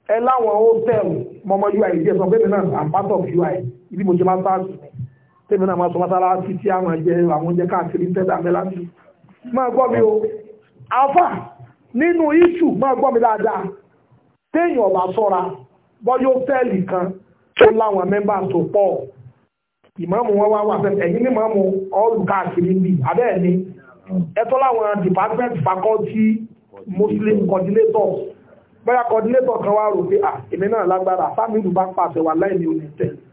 ẹ láwọn hostel mọ́mọ́ ui yes or no pé mi náà i'm part of ui ibi mo ṣe máa ń sáà sí mi tèmi náà máa sọ mọ́sálásí tí a máa jẹ àwọn oúnjẹ káàkiri tẹ́tà mẹ́láńtì máa gbọ́ mi o alfa, nínú iṣu máa gbọ́ mi dáadáa téèyàn ọ̀bà sọ́ra bọ́yọ́ tẹ́ẹ̀lì kan tó láwọn mẹ́mbà tó pọ̀ ìmáàmù wọn wá wà fẹ́ ẹ̀yìn ní ìmáàmù ọ̀lù káàkiri bíi abẹ́ẹ̀ ni ẹ̀tọ́ láwọn department faculty muslim coordinator bóyá coordinator kan wá rò pé à èmi náà lágbára sámi ìlú bá pàṣẹ wà láì ní onítẹ̀ẹ́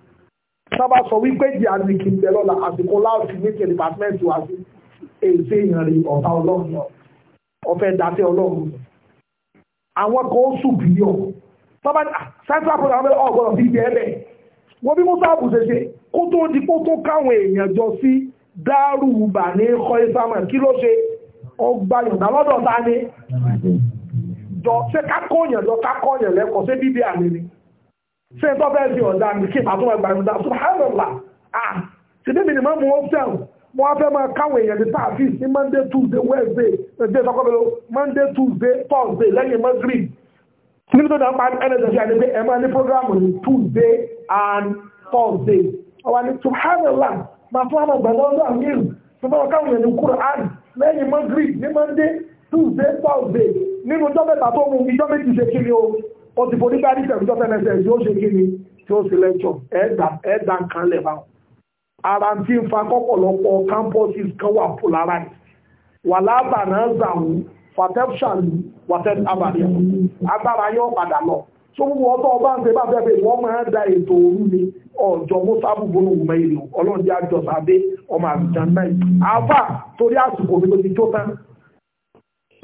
sábà sọ wípé jì àzìkì ń bẹ lọ́la àsìkò láti ní ti dìpátímẹ́ǹtì wá sí èsì ìyànrí ọ̀tá ọlọ́run náà ọ̀fẹ́ dàtẹ́ ọlọ́run àwọn kan ó sùn bí yọ sábà ah, central program bẹ́ẹ̀ ọ̀gbọ́dọ̀ bí ibẹ̀ ẹ̀bẹ̀ wọ́n bí musa àbùsẹ̀ ṣe kó tó di kó tó káwọn èèyàn jọ sí dárù bà ní kọ́ ìsámà kí ló ṣe ọgbà yọ̀dá lọ́dọ̀ ta ni jọ ṣé ká kọ́ yàn jọ ká kọ́ yàn lẹ́kọ̀ọ́ ṣé bíbí àmì ni ṣé tó bẹ́ẹ̀ di ọ̀dà ní kí àtúwọ̀ ẹgbà ìmúdá subhanallah ah ṣe débi ni mọ́mú wọn tẹ̀ mo wá fẹ́ máa káwọn èèyàn ní táàfì ní monday tuesday wednesday ẹgbẹ́ ìsọkọ́bẹ̀lẹ̀ monday tuesday thursday lẹ́yìn magrib níbi tó dáa pa nss yà ni pé ẹ máa ní program ní tuesday and thursday ọwọ́ ni subhanallah máa fún àwọn àgbàdo ọdún àmìlì tó bá wọn káwọn èèyàn ní quran lẹ́yìn magrib ní monday tuesday thursday nínú ọjọ́ mẹ́ta tó mú ìjọ méjì ṣe kiri o ó ti forí gbá nípa ìjọ tẹ́lẹsẹ̀ yóò ṣe kí ni tí ó sì lẹ́jọ́ ẹ̀ẹ́dà nǹkan lẹ̀ bá wọn. ara ti ń fa kọ́pọ̀lọpọ̀ campuses kan wà polarized wà lábàánà zàwù fatẹ́fṣàn wàtẹ́ abàdìyàn agbára yóò padà lọ tó gbogbo ọtọ́ ọba ń ṣe fẹ́ pé wọ́n máa da ètò òru ni ọjọ́ mọ́sáàbù gbọ́nà òun mẹ́rin ọlọ́run jẹ́ àjọ sàbẹ ọmọ àbújàn náà àfà torí àsìkò mi ló ti tó tán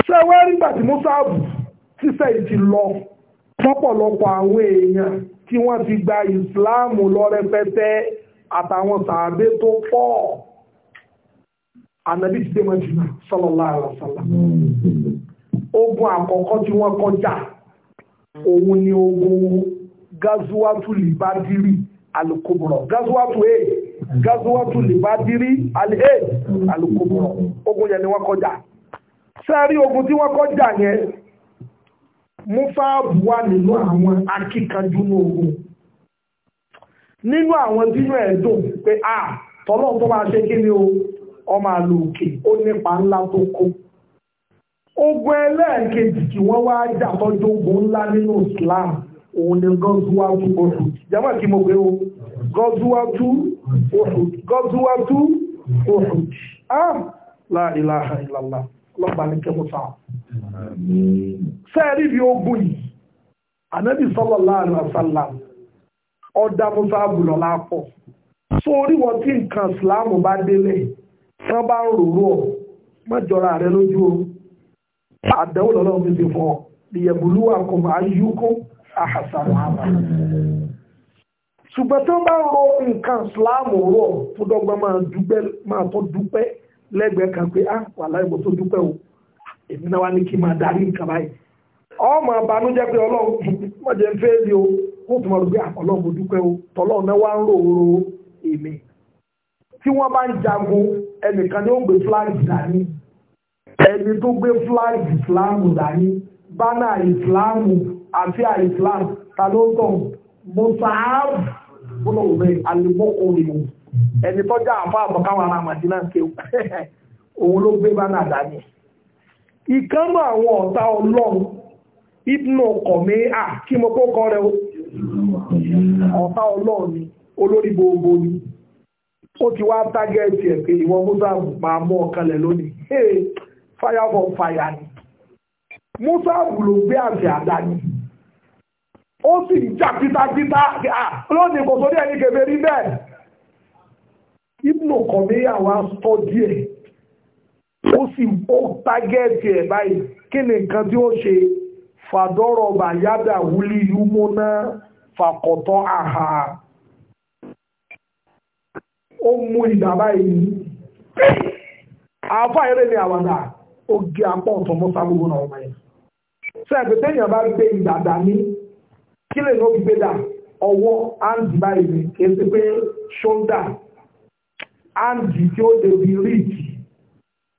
ṣé wẹ́rí gbà tí mọ́sáàbù sísẹ́ yìí ti lọ lọ́pọ̀lọpọ̀ àwọn èèyàn tí wọ́n ti gba ìsìláàmù lọ rẹpẹtẹ àtàwọn sàábé tó pọ̀ ànàbí ti dé mọ́jìnà sallallahu alaihi wasallam ogun àkọ́kọ́ tí wọ́n kọjá òun ni ogun gazuwatu libadiri alukobro gazuwatu e gazuwatu libadiri alhe alukobro ogun yẹn ni wọ́n kọjá sẹ́rí ogun tí wọ́n kọjá yẹn mufaabu wà nínú àwọn akíkanjú lóògùn nínú àwọn dínú ẹ̀dùn pé a tọ́lọ́ tó máa ṣe kí ni o ọmọ àlò òkè ó nípa ńlá tó kó ogun ẹlẹ́ẹ̀kejì tí wọ́n wá jà tọ́jú ogun ńlá nínú Islam òun ni gọ́ọ̀dúwájú oṣù jẹ́mọ̀ kí mo gbé o gọ́ọ̀dúwájú oṣù gọ́ọ̀dúwájú oṣù ah la ilaha illallah lọ́gbàá ní kẹ́mọ́ta sẹ́ẹ̀rí bí ogun yìí ànábì sallallahu alaihi wasallam ọ̀dà musa abùlọ̀ lápọ̀ sórí wọn tí nǹkan ìsìláàmù bá délé tán bá ń ròrò ọ mọ́jọra rẹ lójú o àdánwò lọ́lọ́run fi ti fọ́ ìyẹ̀bùlúwà kò máa yúkú àhàsàrò àmà ṣùgbọ́n tó bá ro nǹkan ìsìláàmù rọ̀ tó dọ́gba máa dúpẹ́ lẹ́gbẹ̀ẹ́ kan pé á ah, wà láì mo tó dúpẹ́ o èmi náà wá ní kí n máa darí nǹkan báyìí ọmọ àbánújẹ́ pé ọlọ́run <laughs> mọ̀ ń fẹ́ lé o wọ́n tún máa gbé ah, ọlọ́run mo dúpẹ́ o tọ́lọ́run náà wá ń ròrò èmi tí wọ́n bá ń jagun ẹnìkan ni ó ń gbé flag dání ẹni tó gbé flag Islam dání bánà Islam àti àìslam ta ló ń tàn mùsàáb bọ́lọ̀wọ̀bẹ̀ alimọ́kùnrin ẹni tọ́jà àfáàbọ̀ káwọn ará màdínà kéwù <laughs> òun ló gbé bánà dání ìkánú àwọn ọ̀tá ọlọ́run ibnu kọ̀mí à kí mo kó kọ́ rẹ o ọ̀tá ọlọ́run ni olórí gbogbo ni ó ti wá tágẹ́ẹ̀tì ẹ̀ pé ìwọ musa máa mú ọkànlẹ̀ lónìí hey fire for fire ni musa ló gbé àti àdá ni ó sì ń jà títátítá ah, lónìí kò sórí ẹni kèfèrí bẹ́ẹ̀ ibnu kọ̀mí àwọn sọ díẹ̀ ó sì ó tágẹ́ẹ̀tì ẹ̀ báyìí kí ni nǹkan tí ó ṣe fàdọ́rọ̀ bàyádà wúlí yúmọ́ná fàkọ̀tọ́ àhà ó mú ìdà báyìí àáfà eré ni àwàdà ó gé apá ọ̀tọ̀ mọ́ sábúgbó náà ọmọ yẹn ṣe ẹ̀pẹ̀ téèyàn bá gbé ìdàdà ní kí lè ló gbé dà ọwọ́ áǹdì báyìí kì í ṣe pé ṣóńdà áǹdì tí ó débi ríìtì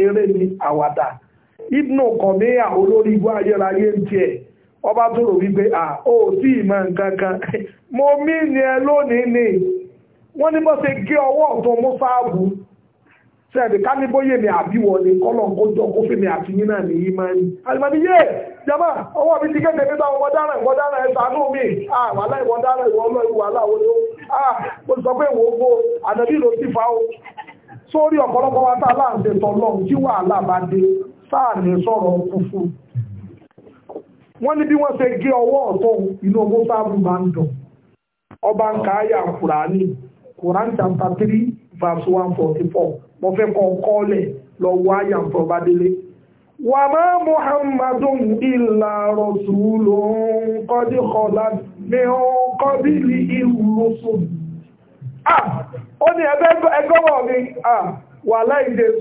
Ere ni àwàdà ibnu kọ̀míyà olori ibú ayérayé ń ọba tó rò a o si sì mọ <laughs> mo ni ẹ lónìí ni wọ́n ní bó gé ọwọ́ ọ̀tún mú ni kó àti yín náà máa ń. ọwọ́ mi ti kéde wọn ẹ mi àwọn ìwọ ni ó mo sọ pé wo gbó àdàbí ló ti fa o sórí ọ̀pọ̀lọpọ̀ wa tá láàṣẹ tọ́lọ́run tí wàhálà bá dé sáà ní sọ̀rọ̀ fúfú wọ́n ní bí wọ́n ṣe gé ọwọ́ ọ̀tọ̀ inú ọmọ sáàbù máa ń dùn ọba ń káyà kùránì kùránì chapter three verse one forty four mo fẹ́ kọ́ kọ́lẹ̀ lọ́wọ́ àyà ń tọ́ba wà má muhammadun illa rasulun qad khalat min ìlú lọ́sọ̀dún. Ah, ó ní ẹgbẹ́wọ̀ mi ah,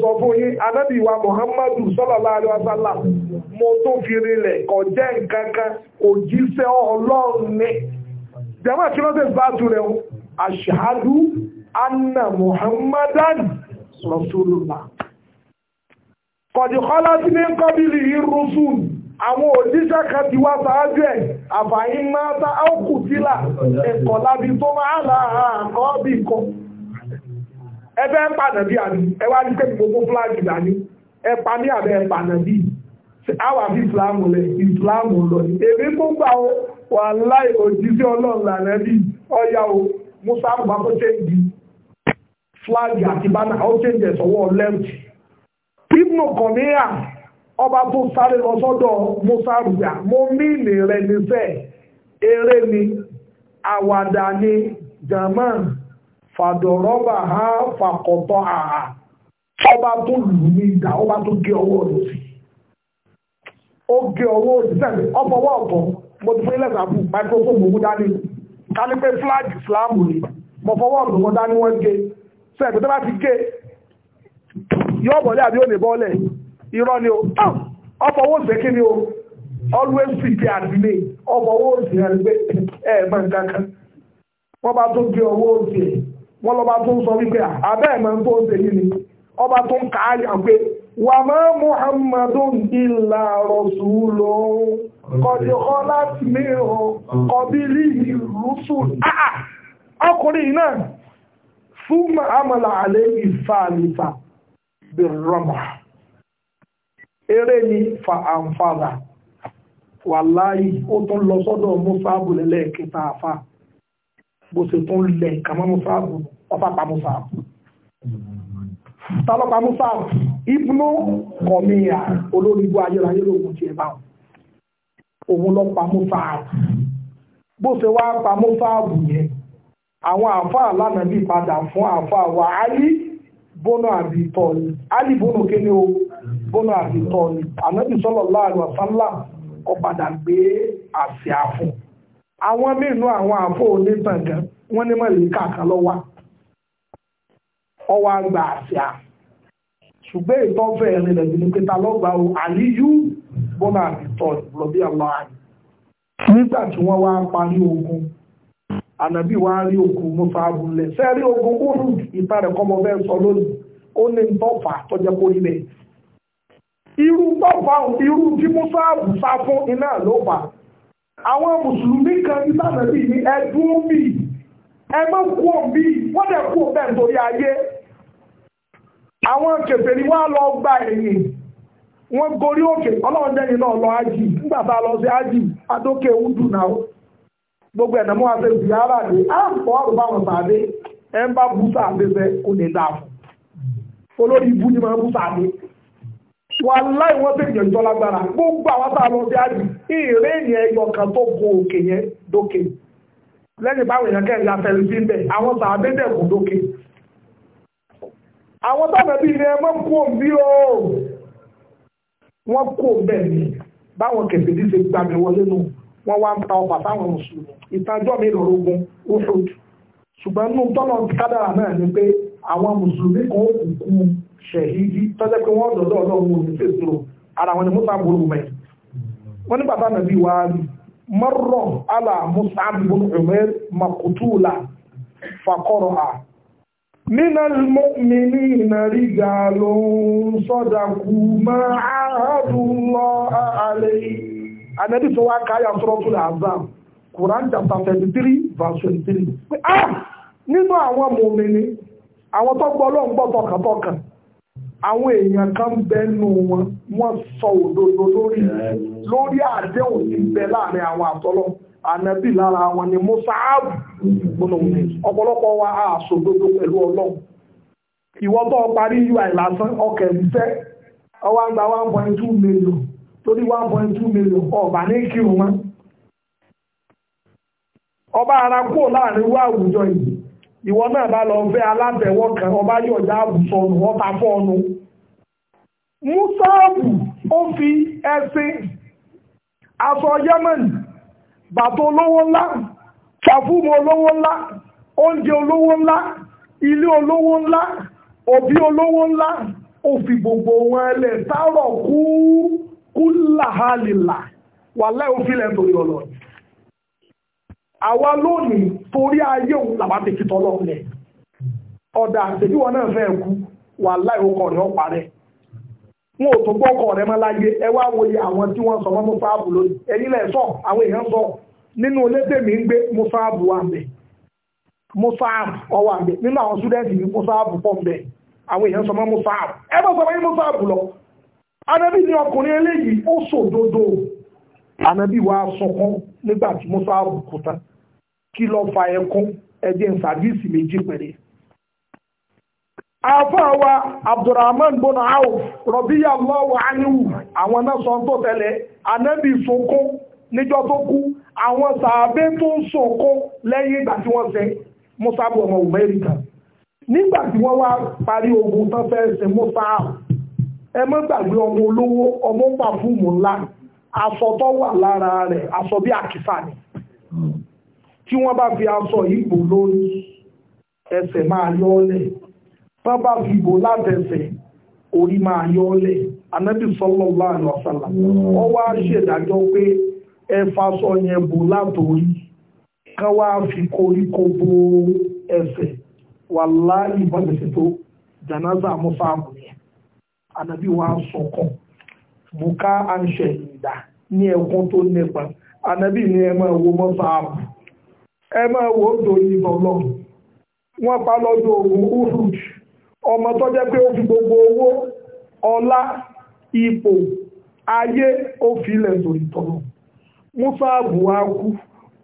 sọ fún yín anábì wa muhammadu sallallahu alaihi mo tó fi rinlẹ̀ kò nǹkan kan kí ló anna muhammadan rasulullah kọ̀dìkọ́lá sí ní kọ́bílì yìí àwọn òjíṣẹ́ kan ti wá sáájú ẹ̀ àfàyí máa ta áùkù sílà ẹ̀kọ́ lábi tó máa láàá àkọ́ọ́bì kan ẹgbẹ́ ń pàdà bí àní ẹwà ní pé gbogbo dání ẹpa ní àbẹ́ pàdà bí àwà bí ìsìláàmù lẹ lọ ní èmi tó gbà ó musa bá tó ṣe ń di àti bánà ó ṣe ń jẹ sọwọ́ ọba tó sáré lọ sọ́dọ̀ mọ́sàrùgbà mo mílì rẹ̀ nífẹ̀ eré ni àwàdà ni german fàdọ̀rọ́bà ha fàkọ̀tọ̀ àhà ọba tó lù ní ìdá ọba tó gé ọwọ́ rẹ̀ sí ó gé ọwọ́ rẹ̀ sẹ́ni ọfọwọ́ ọ̀tọ̀ mo ti fún ilẹ̀ microphone mo dání ká ní pé flag Islam ni mo fọwọ́ ọ̀tọ̀ mo dání wọ́n gé sẹ́ni tó bá ti gé yọ àbí ó irọ́ ni o kí ni o always prepare me ọfọwọ́ ṣe ẹgbẹ́ ẹ̀ẹ̀mọ̀ nǹkan wọ́n bá tó gbé ọwọ́ ṣe wọ́n lọ́ba tó ń sọ wípé abẹ́ ẹ̀mọ̀ tó ń ṣe yìí ni ọba tó ń kà á yà pé wà má muhammadun illa rasulun kọ̀dìkọ́ láti mìíràn kọ̀bílì ìrúsù ọkùnrin náà fún àmàlà àlẹ́ ìfàlìfà bẹ̀rẹ̀ rọ́mà. eré ni fa àǹfààdà wàláyì ó tún lọ sọ́dọ̀ mọ́sáàbù lẹ́lẹ́kẹta àfa bó ṣe tún lẹ̀ kàmọ́ mọ́sáàbù ọ̀fà pa mọ́sáàbù tálọ́pàá mọ́sáàbù ibnu kọ̀míyà olórí ibú ayérayé lóògùn tiẹ̀ báwọn òun lọ pa mọ́sáàbù bó ṣe wá pa mọ́sáàbù yẹn àwọn àáfàá lánàá bí padà fún àáfàá wa alí bónú àbí tọ́lì alí bónú kéde o bọ́nà àti tọ́ ni ànábì sallallahu alaihi wasallam ó padà gbé àsíá fún àwọn mẹ́nu àwọn àfọ onítàngán wọ́n ní mọ̀lẹ́kà kan lọ́wọ́ ọwọ́ àgbà àsíá ṣùgbọ́n ìtọ́fẹ́ ẹ̀rin lẹ́gbẹ̀ẹ́ ní pété alọ́gbà o àlíyú bọ́nà àti tọ́ lọ́bí ọlọ́ nígbà tí wọ́n wá parí ogun ànàbí wa rí ogun musa abúlé sẹ́ẹ̀rí ogun kúrú ìta rẹ̀ kọ́mọ bẹ́ẹ̀ sọ lónìí ó ní tọ́fà tọ́jẹ́ kórìí bẹ́ẹ̀ irú tọ́pọ̀ irú tí mú sáàbù sá fún iná ló pa àwọn mùsùlùmí kan ní sàmẹ́bí ní ẹdún bì ẹ má kú òbí wọ́n dẹ̀ kú bẹ́ẹ̀ nítorí ayé àwọn kèfèrí wọ́n á lọ gba ẹ̀yìn wọ́n gorí òkè ọlọ́run dẹ́yìn náà lọ ájì nígbà tá a lọ sí ájì adókè udu náà gbogbo ẹ̀nà mọ́ àti ìyára rẹ̀ á ń pọ̀ ọ̀rọ̀ báwọn sàdé ẹ̀ ń bá bú sàdé fẹ́ kò lè dáa olórí ibú ni máa bú sàdé wà láì wọ́n tẹ̀lé ìjọ lágbára gbogbo àwọn tá a lọ sí àjì ìrè yẹn ẹyọ kan tó gun òkè yẹn dókè lẹ́yìn báwọn èèyàn kẹrin afẹ́lẹ́ sí bẹ̀ àwọn sàbẹ̀ dẹ̀ kù dókè àwọn tábẹ̀ bíi ilé ẹmọ́ kú òbí o wọ́n kú òbẹ̀ ni báwọn kẹfẹ́ ti ṣe gbàgbé wọlé nu wọ́n wá ń ta ọba fáwọn mùsùlùmí ìtajọ́ mi lọ́rọ́ ogun ṣùgbọ́n nínú tọ́lọ̀ kádàrà náà ni pé àwọn mùsùlùmí kan ó kú ṣẹ̀hídí tọ́jẹ́ pé wọ́n dọ̀dọ̀ ọlọ́run òní fèsìrò ara wọn ni musa bolo mẹ́ wọ́n ní bàbá nàbí wa mọ́rọ̀ ala musa bolo umar makutula fakọ́rọ̀ a nínà mọ́mìnì ìnàrí gàló sọ́dàkù máa àádùn lọ àlẹ́ ànẹ́bí tó wá káyà suratul azam Quran chapter thirty three verse twenty three pé ah nínú àwọn mọ̀mìnì àwọn tó gbọ́ lọ́ngbọ́ tọkàntọkàn àwọn èèyàn kan bẹnu wọn sọ òdodo lórí lórí àdéhùn ti bẹ láàrin àwọn àtọ́lọ́ ànábì lára wọn ni mọ́sáàbù gbọ́nàmùnì ọpọlọpọ wa a sòdodo pẹ̀lú ìwọ tó ui lásán ọkẹ̀ àgbà one million torí one point two million ní kírun ìwọ náà bá lọ fẹ́ alábẹ̀wọ̀ kan ọba yóò já àbùsọ̀nù wọ́n ta fọ́ọ̀nù musaabu ó fi ẹsìn aṣọ yemen bàtà olówó ńlá ṣàfùmù olówó ńlá oúnjẹ olówó ńlá ilé olówó ńlá òbí olówó ńlá ó fi gbogbo wọn ẹlẹ tààrọ kú kú làhálìlà wàlẹ́ òfin lẹ́tọ̀ọ́ yọ̀lọ́yìn. àwa lónìí torí ayé òun làwa ti fi ọ̀dà wọn náà kú wà láì ọkọ rẹ̀ ọ̀pá rẹ̀ wọn ò tó gbọ́ rẹ̀ mọ́ láyé ẹ wá àwọn tí wọ́n sọ mọ́ mọ́sáàbù lónìí ẹ̀yìn lẹ̀ sọ àwọn èèyàn sọ nínú ilé ń gbé mọ́sáàbù wà nínú àwọn ní pọ̀ lọ anabi ni ọkùnrin eléyìí ó sòdodo anabi wa sọkún kí ló fa ẹkún ẹjẹ sàbíìsì méjì pẹ̀lẹ́. àáfàá wa abdulrahman bona aouf rọ̀bíyà lọ́wọ́ aniwu àwọn náà sọ tó tẹ̀lé anábì sunkún níjọ́ tó kú àwọn sàbẹ́ tó ń sunkún lẹ́yìn ìgbà tí wọ́n ṣe musabu ọmọ umerica nígbà tí wọ́n wá parí ogun tán fẹ́ ṣe musabu ẹ má gbàgbé ọmọ olówó ọmọ pàfúùmù ńlá aṣọ wà lára rẹ̀ aṣọ bí àkìsà ni tí wọ́n bá fi aṣọ ìbò lórí ẹsẹ̀ máa yọ ọ́lẹ̀ bá bá fi ìbò látẹsẹ̀ orí máa yọ anábì sallallahu alaihi wasallam wọ́n wá ṣèdájọ́ pé ẹ faṣọ yẹn bò látòrí ká wá fi koríko bo ẹsẹ̀ wàláhì ìbọ̀dẹ̀sẹ̀ tó jànáza musa àbùyẹn anábì wa sọkàn bùká àǹṣẹ̀ ìdá ní ẹkún tó nípa anábì ní ẹ máa wo mọ́sáàbù ẹ máa wò ó dòrí ìbọn lọ wọ́n pa lọ́dún ogun uhud ọmọ tó jẹ́ pé ó fi gbogbo owó ọlá ipò ayé ó fi ilẹ̀ dòrí tọ̀nà musaabu wa kú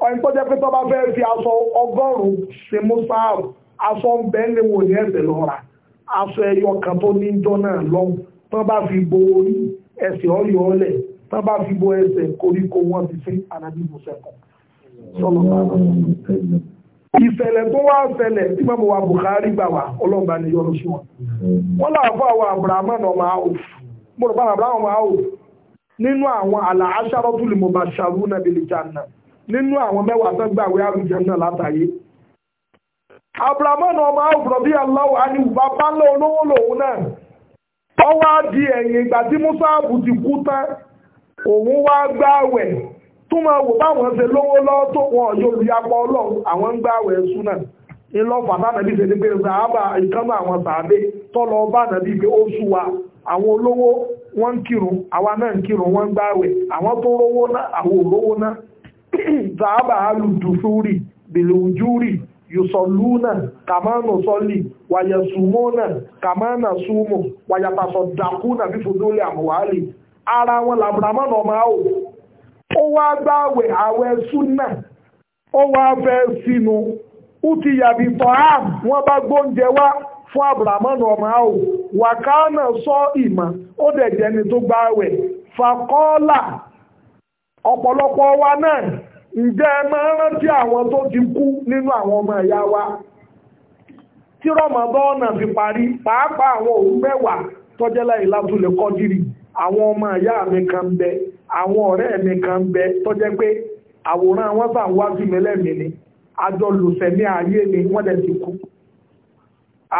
ọ̀yìn tó jẹ́ pé tó bá fẹ́ fi aṣọ ọgọ́rùn-ún ṣe musaabu aṣọ ń bẹ́ẹ̀ lè wò ní ẹ̀sẹ̀ lọ́ra aṣọ ẹyọ kan tó ní jọ náà lọ́wọ́ tán bá fi bo orí ẹsẹ̀ ọ̀yọ́ ọ̀lẹ̀ tán bá fi bo ẹsẹ̀ koríko wọn ti sí ànábì mùsẹ̀kùn ìṣẹ̀lẹ̀ tó wá ṣẹlẹ̀ tí mọ́mọ́ wa Bukhari gbà wá ọlọ́mọba ni yọ́nu sí wọn wọ́n láàfọ́ àwọn abrahaman ọmọ aof mọ̀rọ̀bá abrahaman ọmọ aof nínú àwọn àlàáṣàrọ́tùlù mọ̀bàṣàrú náà bèlè jàǹnà nínú àwọn mẹ́wàá tó gbàwé àrùjàǹnà látàyé abrahaman ọmọ aof rọ̀bí aláwọ̀ á ní bàbá ńlá náà di ẹ̀yìn ìgbà tí Musa àbùtì kú tán òun tó máa wò báwọn ṣe lówó lọ́wọ́ tó wọn yóò rí apá ọlọ́run àwọn ń gbá àwẹ̀ ẹ̀sùn náà ilọ́ fàtánàbí ṣe ní pé sàábà ìkánà àwọn sàábé tọ́lọ bá nàbí pé ó ṣúwa àwọn olówó wọ́n ń kírun àwa náà ń kírun wọ́n ń gbáwẹ̀ àwọn tó rówó náà àwọn olówó náà <clears throat> sàábà alùdùsúrì bèlòjúrì yùsọ̀lúnà kàmánà sọ́lì wàyẹ̀sùmọ́nà kàmánà súnmọ̀ wàyàtàsọ̀dàkúnà fífòdólẹ̀ àmúwálì ara wọn làbùràmọ́nà ọmọ ó wá gbáwẹ̀ àwẹ̀ súnà ó wá fẹ́ sínú ó ti yàbí tọ́hám wọ́n bá gbóúnjẹ wá fún abdulhamanu ọmọ àwò náà sọ ìmọ̀ ó dẹ̀ jẹni tó gbáwẹ̀ fàkọ́ọ́là ọ̀pọ̀lọpọ̀ wa náà ǹjẹ́ ẹ máa rántí àwọn tó ti kú nínú àwọn ọmọ ìyá wa tí fi parí pàápàá àwọn òun mẹ́wàá tọ́jẹ́lá ìlàtúlẹ̀ àwọn ọmọ ìyá mi kan bẹ àwọn ọ̀rẹ́ mi kan bẹ tó jẹ́ pé àwòrán wọn bá ń wájú mi lẹ́mìí ni àjọ lùfẹ́ ní ayé mi wọ́n dẹ̀ ti kú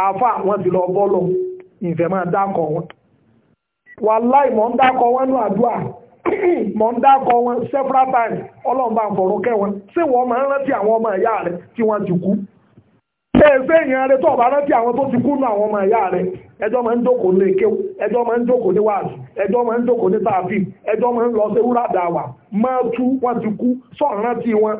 àáfà wọn ti lọ bọ́ lọ ìfẹ́ máa dákọ̀ wọn wàláì mọ̀ ń dákọ̀ wọn ní àdúrà <clears throat> mọ̀ ń dákọ̀ wọn several times ọlọ́run bá ń fọ̀rọ̀ kẹ́ ṣé wọ́n máa ń rántí àwọn ọmọ ìyá rẹ̀ tí wọ́n ti kú ṣe ẹgbẹ́ èèyàn rẹ tó ọ̀bá rántí àwọn tó ti kú nù àwọn ọmọ ẹ̀yà rẹ ẹjọ́ máa ń ní èkéwù ẹjọ́ máa ń ní wáàsí ẹjọ́ máa ń ní tààfì ẹjọ́ máa ń lọ sí máa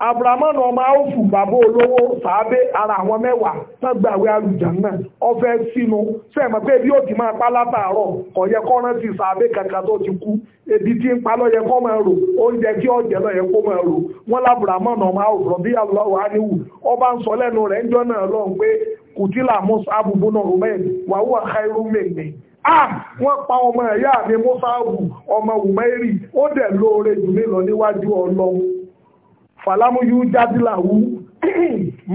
abrahamu ọmọ awufu bàbá olówó sàábé ara àwọn mẹ́wàá sàgbàwé alùjànnà ọfẹ sínú sẹẹmọ pé ebi yóò ti máa pa látàárọ̀ kò yẹ kó rántí sàábé kankan tó ti kú ebi tí ń pa ló yẹ kó máa rò oúnjẹ tí ọjẹ ló yẹ kó máa rò wọn lábrahamu ọmọ awufu rọbí aláwọ aníwù ọba ń sọ lẹ́nu rẹ̀ ńjọ́ náà lọ pé kùtìlà musa abubu náà rúmẹ wàhùwà khairu minni ah wọ́n pa ọmọ ẹ̀yà mi musa abu ọmọ wùmẹ́rì ó dẹ̀ lóore jù fàlámù yú jádìlà wú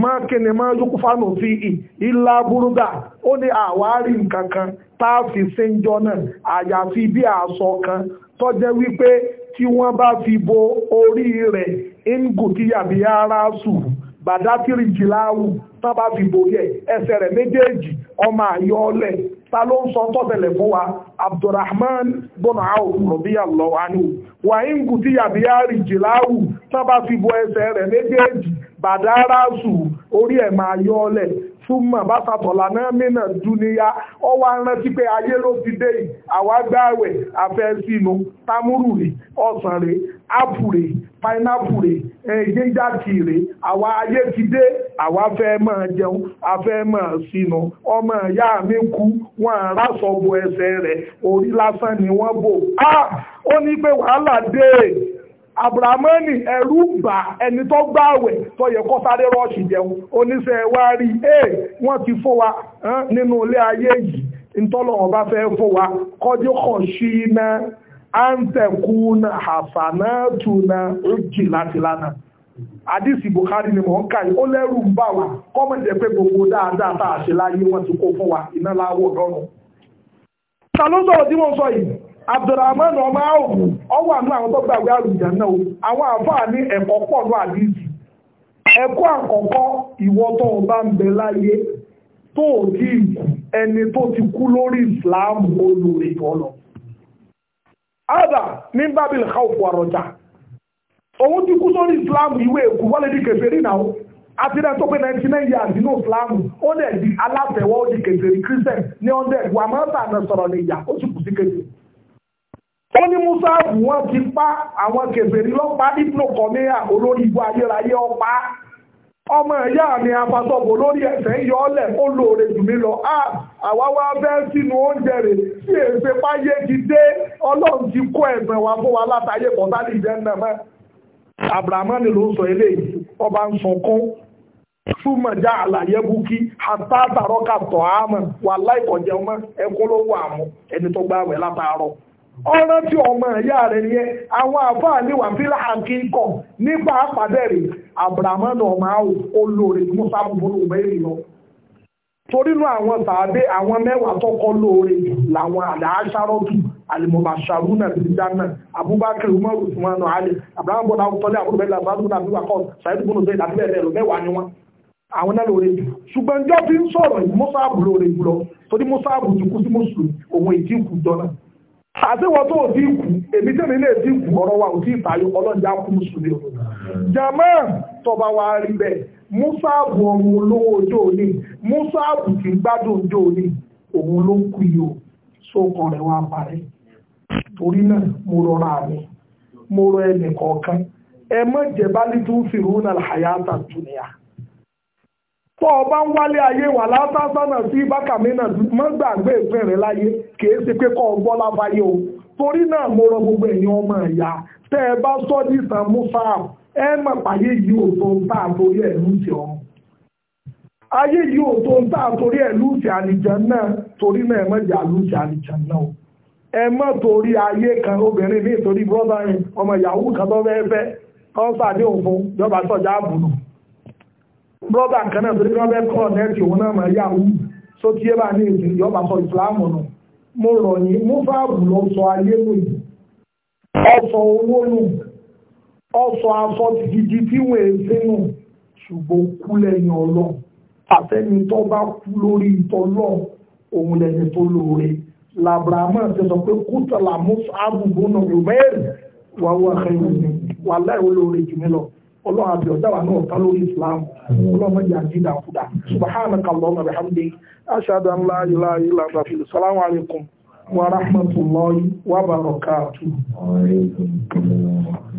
máa kíni máa yúkú fánù sí ì ilá búrúdà ó ní àwárí nǹkan kan tá a fi síjọ náà àyàfi bí aṣọ kan tó wípé tí wọ́n bá fi bo orí rẹ̀ ingùn ara sùn bàdátìrì jìláwù tán bá fi borí ẹ̀ ẹsẹ̀ rẹ̀ méjèèjì ọmọ àyọ ọlẹ̀ ta ló ń sọ tọ́tẹ̀lẹ̀ fún wa abdulrahman bọ́nà áwò radiyallahu anhu wà ń kù tí yàbíyárì jìláwù tán bá ẹsẹ̀ rẹ̀ méjèèjì bàdárásù orí ẹ̀ máa yọ ọlẹ̀ súnmọ̀ bá sàtọ̀lá náà mìnà dúníyá ọ wá rántí pé ayé ló ti dé yìí àwa gbáwẹ̀ àfẹ́sínú támúrù rè ọ̀sán rè ápù rè pineapple rè ẹ̀yẹ́jà eh, tì rè àwa ayé ti dé àwa fẹ́ máa jẹun afẹ́ máa sínú ọmọ ìyá mi kú wọn àrásọ̀bù ẹsẹ̀ rẹ̀ orí lásán ni wọ́n bò ah! ó ní pé wàhálà dé abdulhamani ẹ̀rú bà ẹni tó gbààwẹ̀ tó yẹ kó sáré rọ́ọ̀ṣì jẹun oníṣẹ́ wa rí e wọ́n ti fún wa nínú ilé ayé yìí ntọ́lọ̀ ọba fẹ́ fún wa kọjú kọ̀ sí iná àǹtẹ̀kù na àfànà tù na ojì láti lánàá àdìsí Bukhari ni mò ń kà yìí ó lẹ́rù ń bà wá kọ́mọ̀tì pé gbogbo dáadáa tá a ṣe láyé wọ́n ti kó fún wa iná láwọ̀ lọ́rùn. ta tí wọ́n sọ yìí Abdulrahman ọmọ àwòrán ọwọ́ àánú àwọn tó gbàgbé àlùjá náà o àwọn àfáà ní ẹ̀kọ́ pọ̀ ní àdìsí ẹ̀kọ́ àkọ́kọ́ ìwọ tó ń bá ń bẹ láyé tó ò ẹni tó ti kú lórí Islam olórí ọlọ. ada ní babil khawf àrọ̀jà òun ti kú sórí Islam ìwé èkó wọlé ní kẹfẹ́rí náà àti náà tó pé ninety years nínú Islam ó dẹ̀ di alátẹ̀wọ́ ó di kẹfẹ́rí Christian ní ọ̀dẹ̀ wàmọ́tà náà sọ̀rọ̀ níyà ó sì kù sí kẹfẹ́rí ó ní musa bù wọ́n ti pa àwọn kèfèrí lọ́pàá nínú kọ́míyà olórí ibú ayérayé ọ̀pá ọmọ ìyá mi afasọ́bù lórí ẹ̀sẹ̀ ń yọ ọ́lẹ̀ ó lóore jù mí lọ àwa wá bẹ́ sínú oúnjẹ rẹ̀ tí èsè páyé ti dé ọlọ́run ti kó ẹ̀bẹ̀ wá fún wa látàyè kọ́tàlì ìjẹ́ náà mọ́ abramani ló ń sọ eléyìí ọba ń sunkún súnmọ̀ já àlàyé búkí àtàtàrọ́kàtọ̀ àmọ́ wà láìkọ̀jẹun mọ́ ẹkún ló wà mọ́ ẹni tó gbáwẹ̀ látàárọ̀ ọ̀rọ̀ tí ọmọ ìyá rẹ̀ ni ẹ́ àwọn àfáà ní wà fílà àkí kọ̀ nípa àpàdẹ́rì àbùràmọ́nà ọmọ àwò olóore musa búburú mẹ́rin lọ torínú àwọn tàbí àwọn mẹ́wàá tọ́kọ́ lóore làwọn àdáṣárọ́tù alimọ̀bàṣàrú náà ti dáná abubakar umaru usmanu ali abraham bọ́lá tọ́lé àbúrò bẹ́ẹ̀ làbúrò àbúrò àbúrò àkọ́ sàyẹ́dì bọ́lá bẹ́ẹ̀ àti bẹ́ẹ̀ lọ mẹ́wàá ni wọ́n àwọn náà lóore ṣùgbọ́n jọ́ fi ń sọ̀rọ̀ musa lóore jùlọ torí musa jù kú sí mùsùlùmí òun èjì kù jọ náà àtiwọ́ tó ò tí kù èmi tẹ́mi lè tí kù ọ̀rọ̀ wa ò tí ìtayọ ọlọ́njà kú mùsùlùmí o jama tọba wa rí bẹ́ẹ̀ musaabu ọmọ olówó ọjọ́ òní musaabu kì í gbádùn ọjọ́ òní òun ló kú yìí o sókọ rẹ̀ wá parẹ́ torí náà mo rọra mi mo rọ ẹnì kọ̀ọ̀kan ẹ má jẹ́ bá lítúfìrún náà àyà àtàtúnyà. fọ ọba bá ń wálé ayé wà látàsánà sí bákàmínà mọ́ gbàgbé ìpín rẹ̀ láyé kìí ṣe pé kọ́ ọgbọ́n láfáyé o torí náà mo rọ gbogbo ẹ̀yin ọmọ ẹ̀yà tẹ́ ẹ bá sọ́dí Sàn ẹ mọ̀ pàyé yìí ò tó ń tà torí ẹ̀ lùsì ayé yìí ò tó ń tà torí ẹ̀ lùsì náà torí náà ẹ mọ̀ jà ọmọ ìyàwó kan tó fẹ́ fẹ́ jọba àbùnú brọ́dà kan náà torí wọ́n fẹ́ kọ́ nẹ́ẹ̀tì òun náà máa yà wú só tí ẹ bá ní èdè ìjọba sọ ìsìláàmù nù mo rọ̀ yín mo fáàbù lọ sọ ayé lò yìí ọ̀sọ̀ owó nù ọ̀sọ̀ aṣọ gidi tí wọ́n èsè nù ṣùgbọ́n kú lẹ́yìn ọlọ́run àtẹ́ni tó bá kú lórí ìtọ́lọ́ òun lẹ́ni tó lóore làbàmọ́ ti sọ pé kútàlá mọ́sáàbù bọ́nà yorùbá ẹ̀rì wàá wà ọlọ́run àti ọ̀dáwà náà ta lórí islam ọlọ́run jẹ́ àjídà fúdà subhanaka allahumma wa bihamdika ashhadu an la ilaha illa anta astaghfiruka assalamu alaikum wa rahmatullahi wa